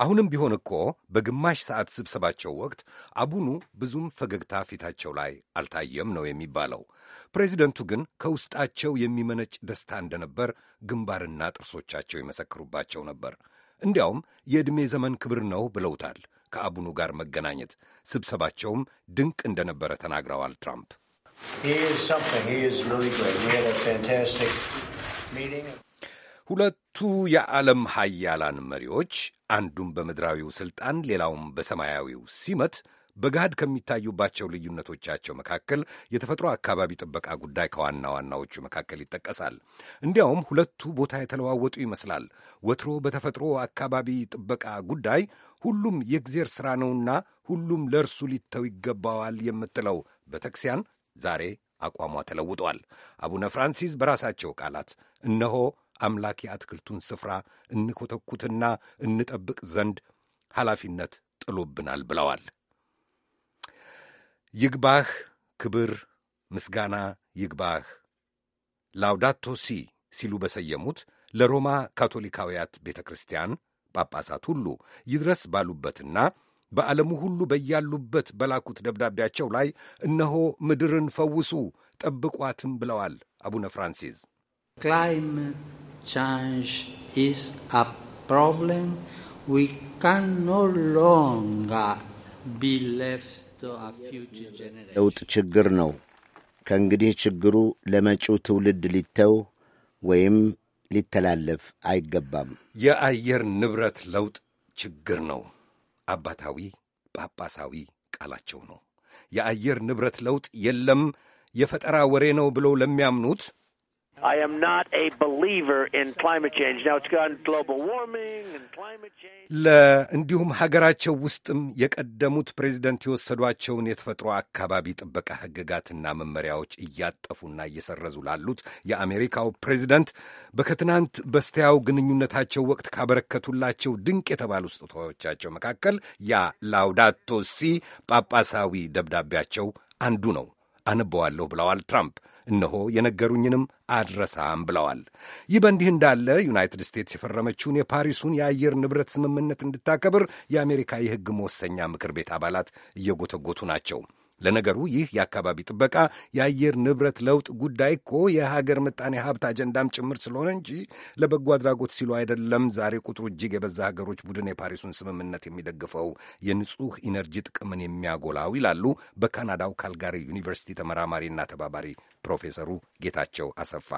አሁንም ቢሆን እኮ በግማሽ ሰዓት ስብሰባቸው ወቅት አቡኑ ብዙም ፈገግታ ፊታቸው ላይ አልታየም ነው የሚባለው። ፕሬዚደንቱ ግን ከውስጣቸው የሚመነጭ ደስታ እንደነበር ግንባርና ጥርሶቻቸው ይመሰክሩባቸው ነበር። እንዲያውም የዕድሜ ዘመን ክብር ነው ብለውታል። ከአቡኑ ጋር መገናኘት ስብሰባቸውም ድንቅ እንደነበረ ተናግረዋል ትራምፕ ሁለቱ የዓለም ሀያላን መሪዎች አንዱም በምድራዊው ሥልጣን ሌላውም በሰማያዊው ሲመት በገሃድ ከሚታዩባቸው ልዩነቶቻቸው መካከል የተፈጥሮ አካባቢ ጥበቃ ጉዳይ ከዋና ዋናዎቹ መካከል ይጠቀሳል። እንዲያውም ሁለቱ ቦታ የተለዋወጡ ይመስላል። ወትሮ በተፈጥሮ አካባቢ ጥበቃ ጉዳይ ሁሉም የእግዜር ሥራ ነውና ሁሉም ለእርሱ ሊተው ይገባዋል የምትለው በተክሲያን ዛሬ አቋሟ ተለውጧል። አቡነ ፍራንሲስ በራሳቸው ቃላት እነሆ አምላክ የአትክልቱን ስፍራ እንኮተኩትና እንጠብቅ ዘንድ ኃላፊነት ጥሎብናል ብለዋል። ይግባህ ክብር ምስጋና ይግባህ ላውዳቶ ሲ ሲሉ በሰየሙት ለሮማ ካቶሊካውያት ቤተ ክርስቲያን ጳጳሳት ሁሉ ይድረስ ባሉበትና በዓለሙ ሁሉ በያሉበት በላኩት ደብዳቤያቸው ላይ እነሆ ምድርን ፈውሱ ጠብቋትም ብለዋል አቡነ ፍራንሲስ። ለውጥ ችግር ነው። ከእንግዲህ ችግሩ ለመጪው ትውልድ ሊተው ወይም ሊተላለፍ አይገባም። የአየር ንብረት ለውጥ ችግር ነው። አባታዊ ጳጳሳዊ ቃላቸው ነው። የአየር ንብረት ለውጥ የለም የፈጠራ ወሬ ነው ብለው ለሚያምኑት I am not a believer in climate change. Now it's gone global warming and climate change. እንዲሁም ሀገራቸው ውስጥም የቀደሙት ፕሬዚደንት የወሰዷቸውን የተፈጥሮ አካባቢ ጥበቃ ሕግጋትና መመሪያዎች እያጠፉና እየሰረዙ ላሉት የአሜሪካው ፕሬዚደንት በከትናንት በስቲያው ግንኙነታቸው ወቅት ካበረከቱላቸው ድንቅ የተባሉ ስጦታዎቻቸው መካከል ያ ላውዳቶ ሲ ጳጳሳዊ ደብዳቤያቸው አንዱ ነው። አነበዋለሁ ብለዋል ትራምፕ እነሆ የነገሩኝንም አድረሳም ብለዋል። ይህ በእንዲህ እንዳለ ዩናይትድ ስቴትስ የፈረመችውን የፓሪሱን የአየር ንብረት ስምምነት እንድታከብር የአሜሪካ የሕግ መወሰኛ ምክር ቤት አባላት እየጎተጎቱ ናቸው። ለነገሩ ይህ የአካባቢ ጥበቃ የአየር ንብረት ለውጥ ጉዳይ እኮ የሀገር ምጣኔ ሀብት አጀንዳም ጭምር ስለሆነ እንጂ ለበጎ አድራጎት ሲሉ አይደለም። ዛሬ ቁጥሩ እጅግ የበዛ ሀገሮች ቡድን የፓሪሱን ስምምነት የሚደግፈው የንጹህ ኢነርጂ ጥቅምን የሚያጎላው ይላሉ በካናዳው ካልጋሪ ዩኒቨርሲቲ ተመራማሪና ተባባሪ ፕሮፌሰሩ ጌታቸው አሰፋ።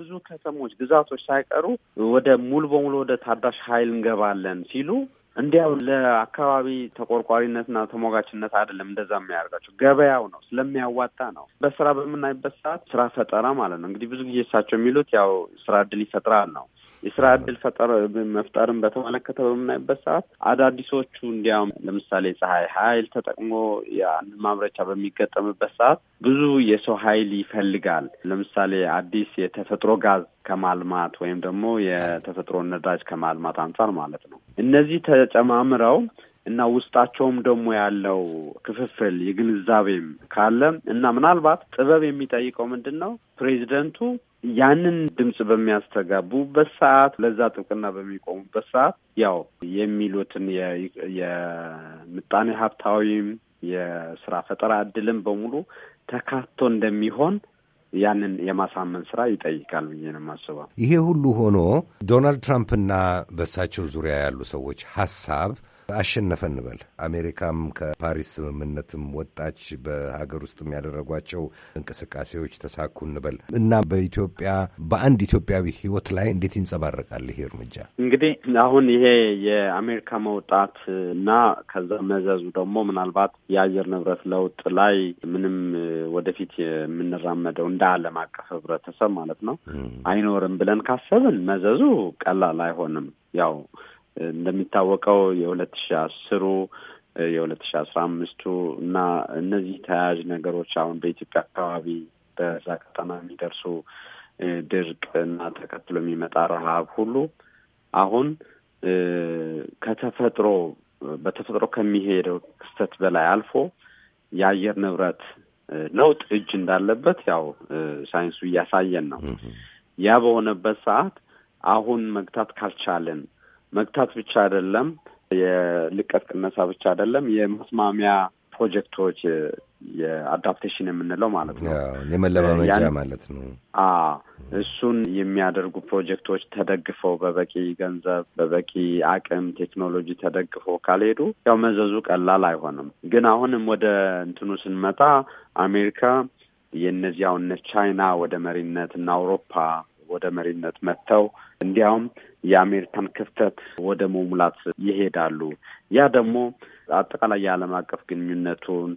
ብዙ ከተሞች፣ ግዛቶች ሳይቀሩ ወደ ሙሉ በሙሉ ወደ ታዳሽ ኃይል እንገባለን ሲሉ እንዲያው ለአካባቢ ተቆርቋሪነትና ተሟጋችነት አይደለም። እንደዛ የሚያደርጋቸው ገበያው ነው፣ ስለሚያዋጣ ነው። በስራ በምናይበት ሰዓት ስራ ፈጠራ ማለት ነው። እንግዲህ ብዙ ጊዜ እሳቸው የሚሉት ያው ስራ እድል ይፈጥራል ነው። የስራ እድል ፈጠር መፍጠርን በተመለከተ በምናይበት ሰዓት አዳዲሶቹ እንዲያውም ለምሳሌ ፀሐይ ኃይል ተጠቅሞ የአንድ ማምረቻ በሚገጠምበት ሰዓት ብዙ የሰው ኃይል ይፈልጋል። ለምሳሌ አዲስ የተፈጥሮ ጋዝ ከማልማት ወይም ደግሞ የተፈጥሮ ነዳጅ ከማልማት አንጻር ማለት ነው። እነዚህ ተጨማምረው እና ውስጣቸውም ደግሞ ያለው ክፍፍል የግንዛቤም ካለ እና ምናልባት ጥበብ የሚጠይቀው ምንድን ነው ፕሬዚደንቱ ያንን ድምጽ በሚያስተጋቡበት ሰዓት ለዛ ጥብቅና በሚቆሙበት ሰዓት ያው የሚሉትን የምጣኔ ሀብታዊም የስራ ፈጠራ እድልም በሙሉ ተካቶ እንደሚሆን ያንን የማሳመን ስራ ይጠይቃል ብዬ ነው የማስበው። ይሄ ሁሉ ሆኖ ዶናልድ ትራምፕና በሳቸው ዙሪያ ያሉ ሰዎች ሀሳብ አሸነፈ እንበል። አሜሪካም ከፓሪስ ስምምነትም ወጣች፣ በሀገር ውስጥም ያደረጓቸው እንቅስቃሴዎች ተሳኩ እንበል እና በኢትዮጵያ በአንድ ኢትዮጵያዊ ሕይወት ላይ እንዴት ይንጸባረቃል ይሄ እርምጃ? እንግዲህ አሁን ይሄ የአሜሪካ መውጣት እና ከዛ መዘዙ ደግሞ ምናልባት የአየር ንብረት ለውጥ ላይ ምንም ወደፊት የምንራመደው እንደ ዓለም አቀፍ ህብረተሰብ ማለት ነው አይኖርም ብለን ካሰብን መዘዙ ቀላል አይሆንም ያው እንደሚታወቀው የሁለት ሺ አስሩ የሁለት ሺ አስራ አምስቱ እና እነዚህ ተያያዥ ነገሮች አሁን በኢትዮጵያ አካባቢ በዛ ቀጠና የሚደርሱ ድርቅ እና ተከትሎ የሚመጣ ረሀብ ሁሉ አሁን ከተፈጥሮ በተፈጥሮ ከሚሄደው ክስተት በላይ አልፎ የአየር ንብረት ለውጥ እጅ እንዳለበት ያው ሳይንሱ እያሳየን ነው። ያ በሆነበት ሰዓት አሁን መግታት ካልቻለን መግታት ብቻ አይደለም፣ የልቀት ቅነሳ ብቻ አይደለም፣ የመስማሚያ ፕሮጀክቶች የአዳፕቴሽን የምንለው ማለት ነው። የመለማመጃ ማለት ነው። እሱን የሚያደርጉ ፕሮጀክቶች ተደግፈው በበቂ ገንዘብ፣ በበቂ አቅም፣ ቴክኖሎጂ ተደግፈው ካልሄዱ ያው መዘዙ ቀላል አይሆንም። ግን አሁንም ወደ እንትኑ ስንመጣ አሜሪካ የእነዚህ እነ ቻይና ወደ መሪነት እና አውሮፓ ወደ መሪነት መጥተው እንዲያውም የአሜሪካን ክፍተት ወደ መሙላት ይሄዳሉ። ያ ደግሞ አጠቃላይ የዓለም አቀፍ ግንኙነቱን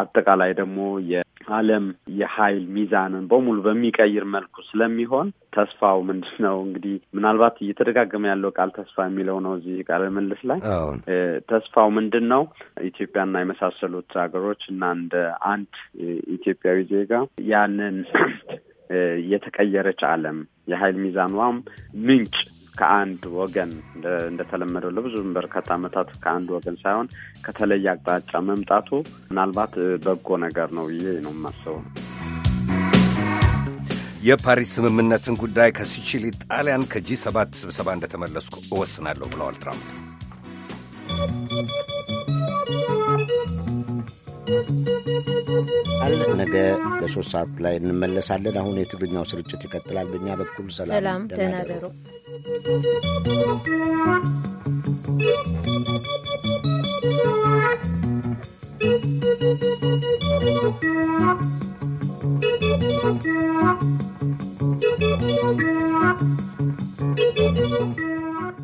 አጠቃላይ ደግሞ የዓለም የኃይል ሚዛንን በሙሉ በሚቀይር መልኩ ስለሚሆን ተስፋው ምንድን ነው? እንግዲህ ምናልባት እየተደጋገመ ያለው ቃል ተስፋ የሚለው ነው። እዚህ ቃለ መልስ ላይ ተስፋው ምንድን ነው? ኢትዮጵያና የመሳሰሉት ሀገሮች እና እንደ አንድ ኢትዮጵያዊ ዜጋ ያንን የተቀየረች ዓለም የኃይል ሚዛኗም ምንጭ ከአንድ ወገን እንደተለመደው ለብዙ በርካታ ዓመታት ከአንድ ወገን ሳይሆን ከተለየ አቅጣጫ መምጣቱ ምናልባት በጎ ነገር ነው ብዬ ነው የማስበው። የፓሪስ ስምምነትን ጉዳይ ከሲቺሊ ጣሊያን ከጂ ሰባት ስብሰባ እንደተመለስኩ እወስናለሁ ብለዋል ትራምፕ። አለ። ነገ በሶስት ሰዓት ላይ እንመለሳለን። አሁን የትግርኛው ስርጭት ይቀጥላል። በእኛ በኩል ሰላም፣ ደህና ደሩ።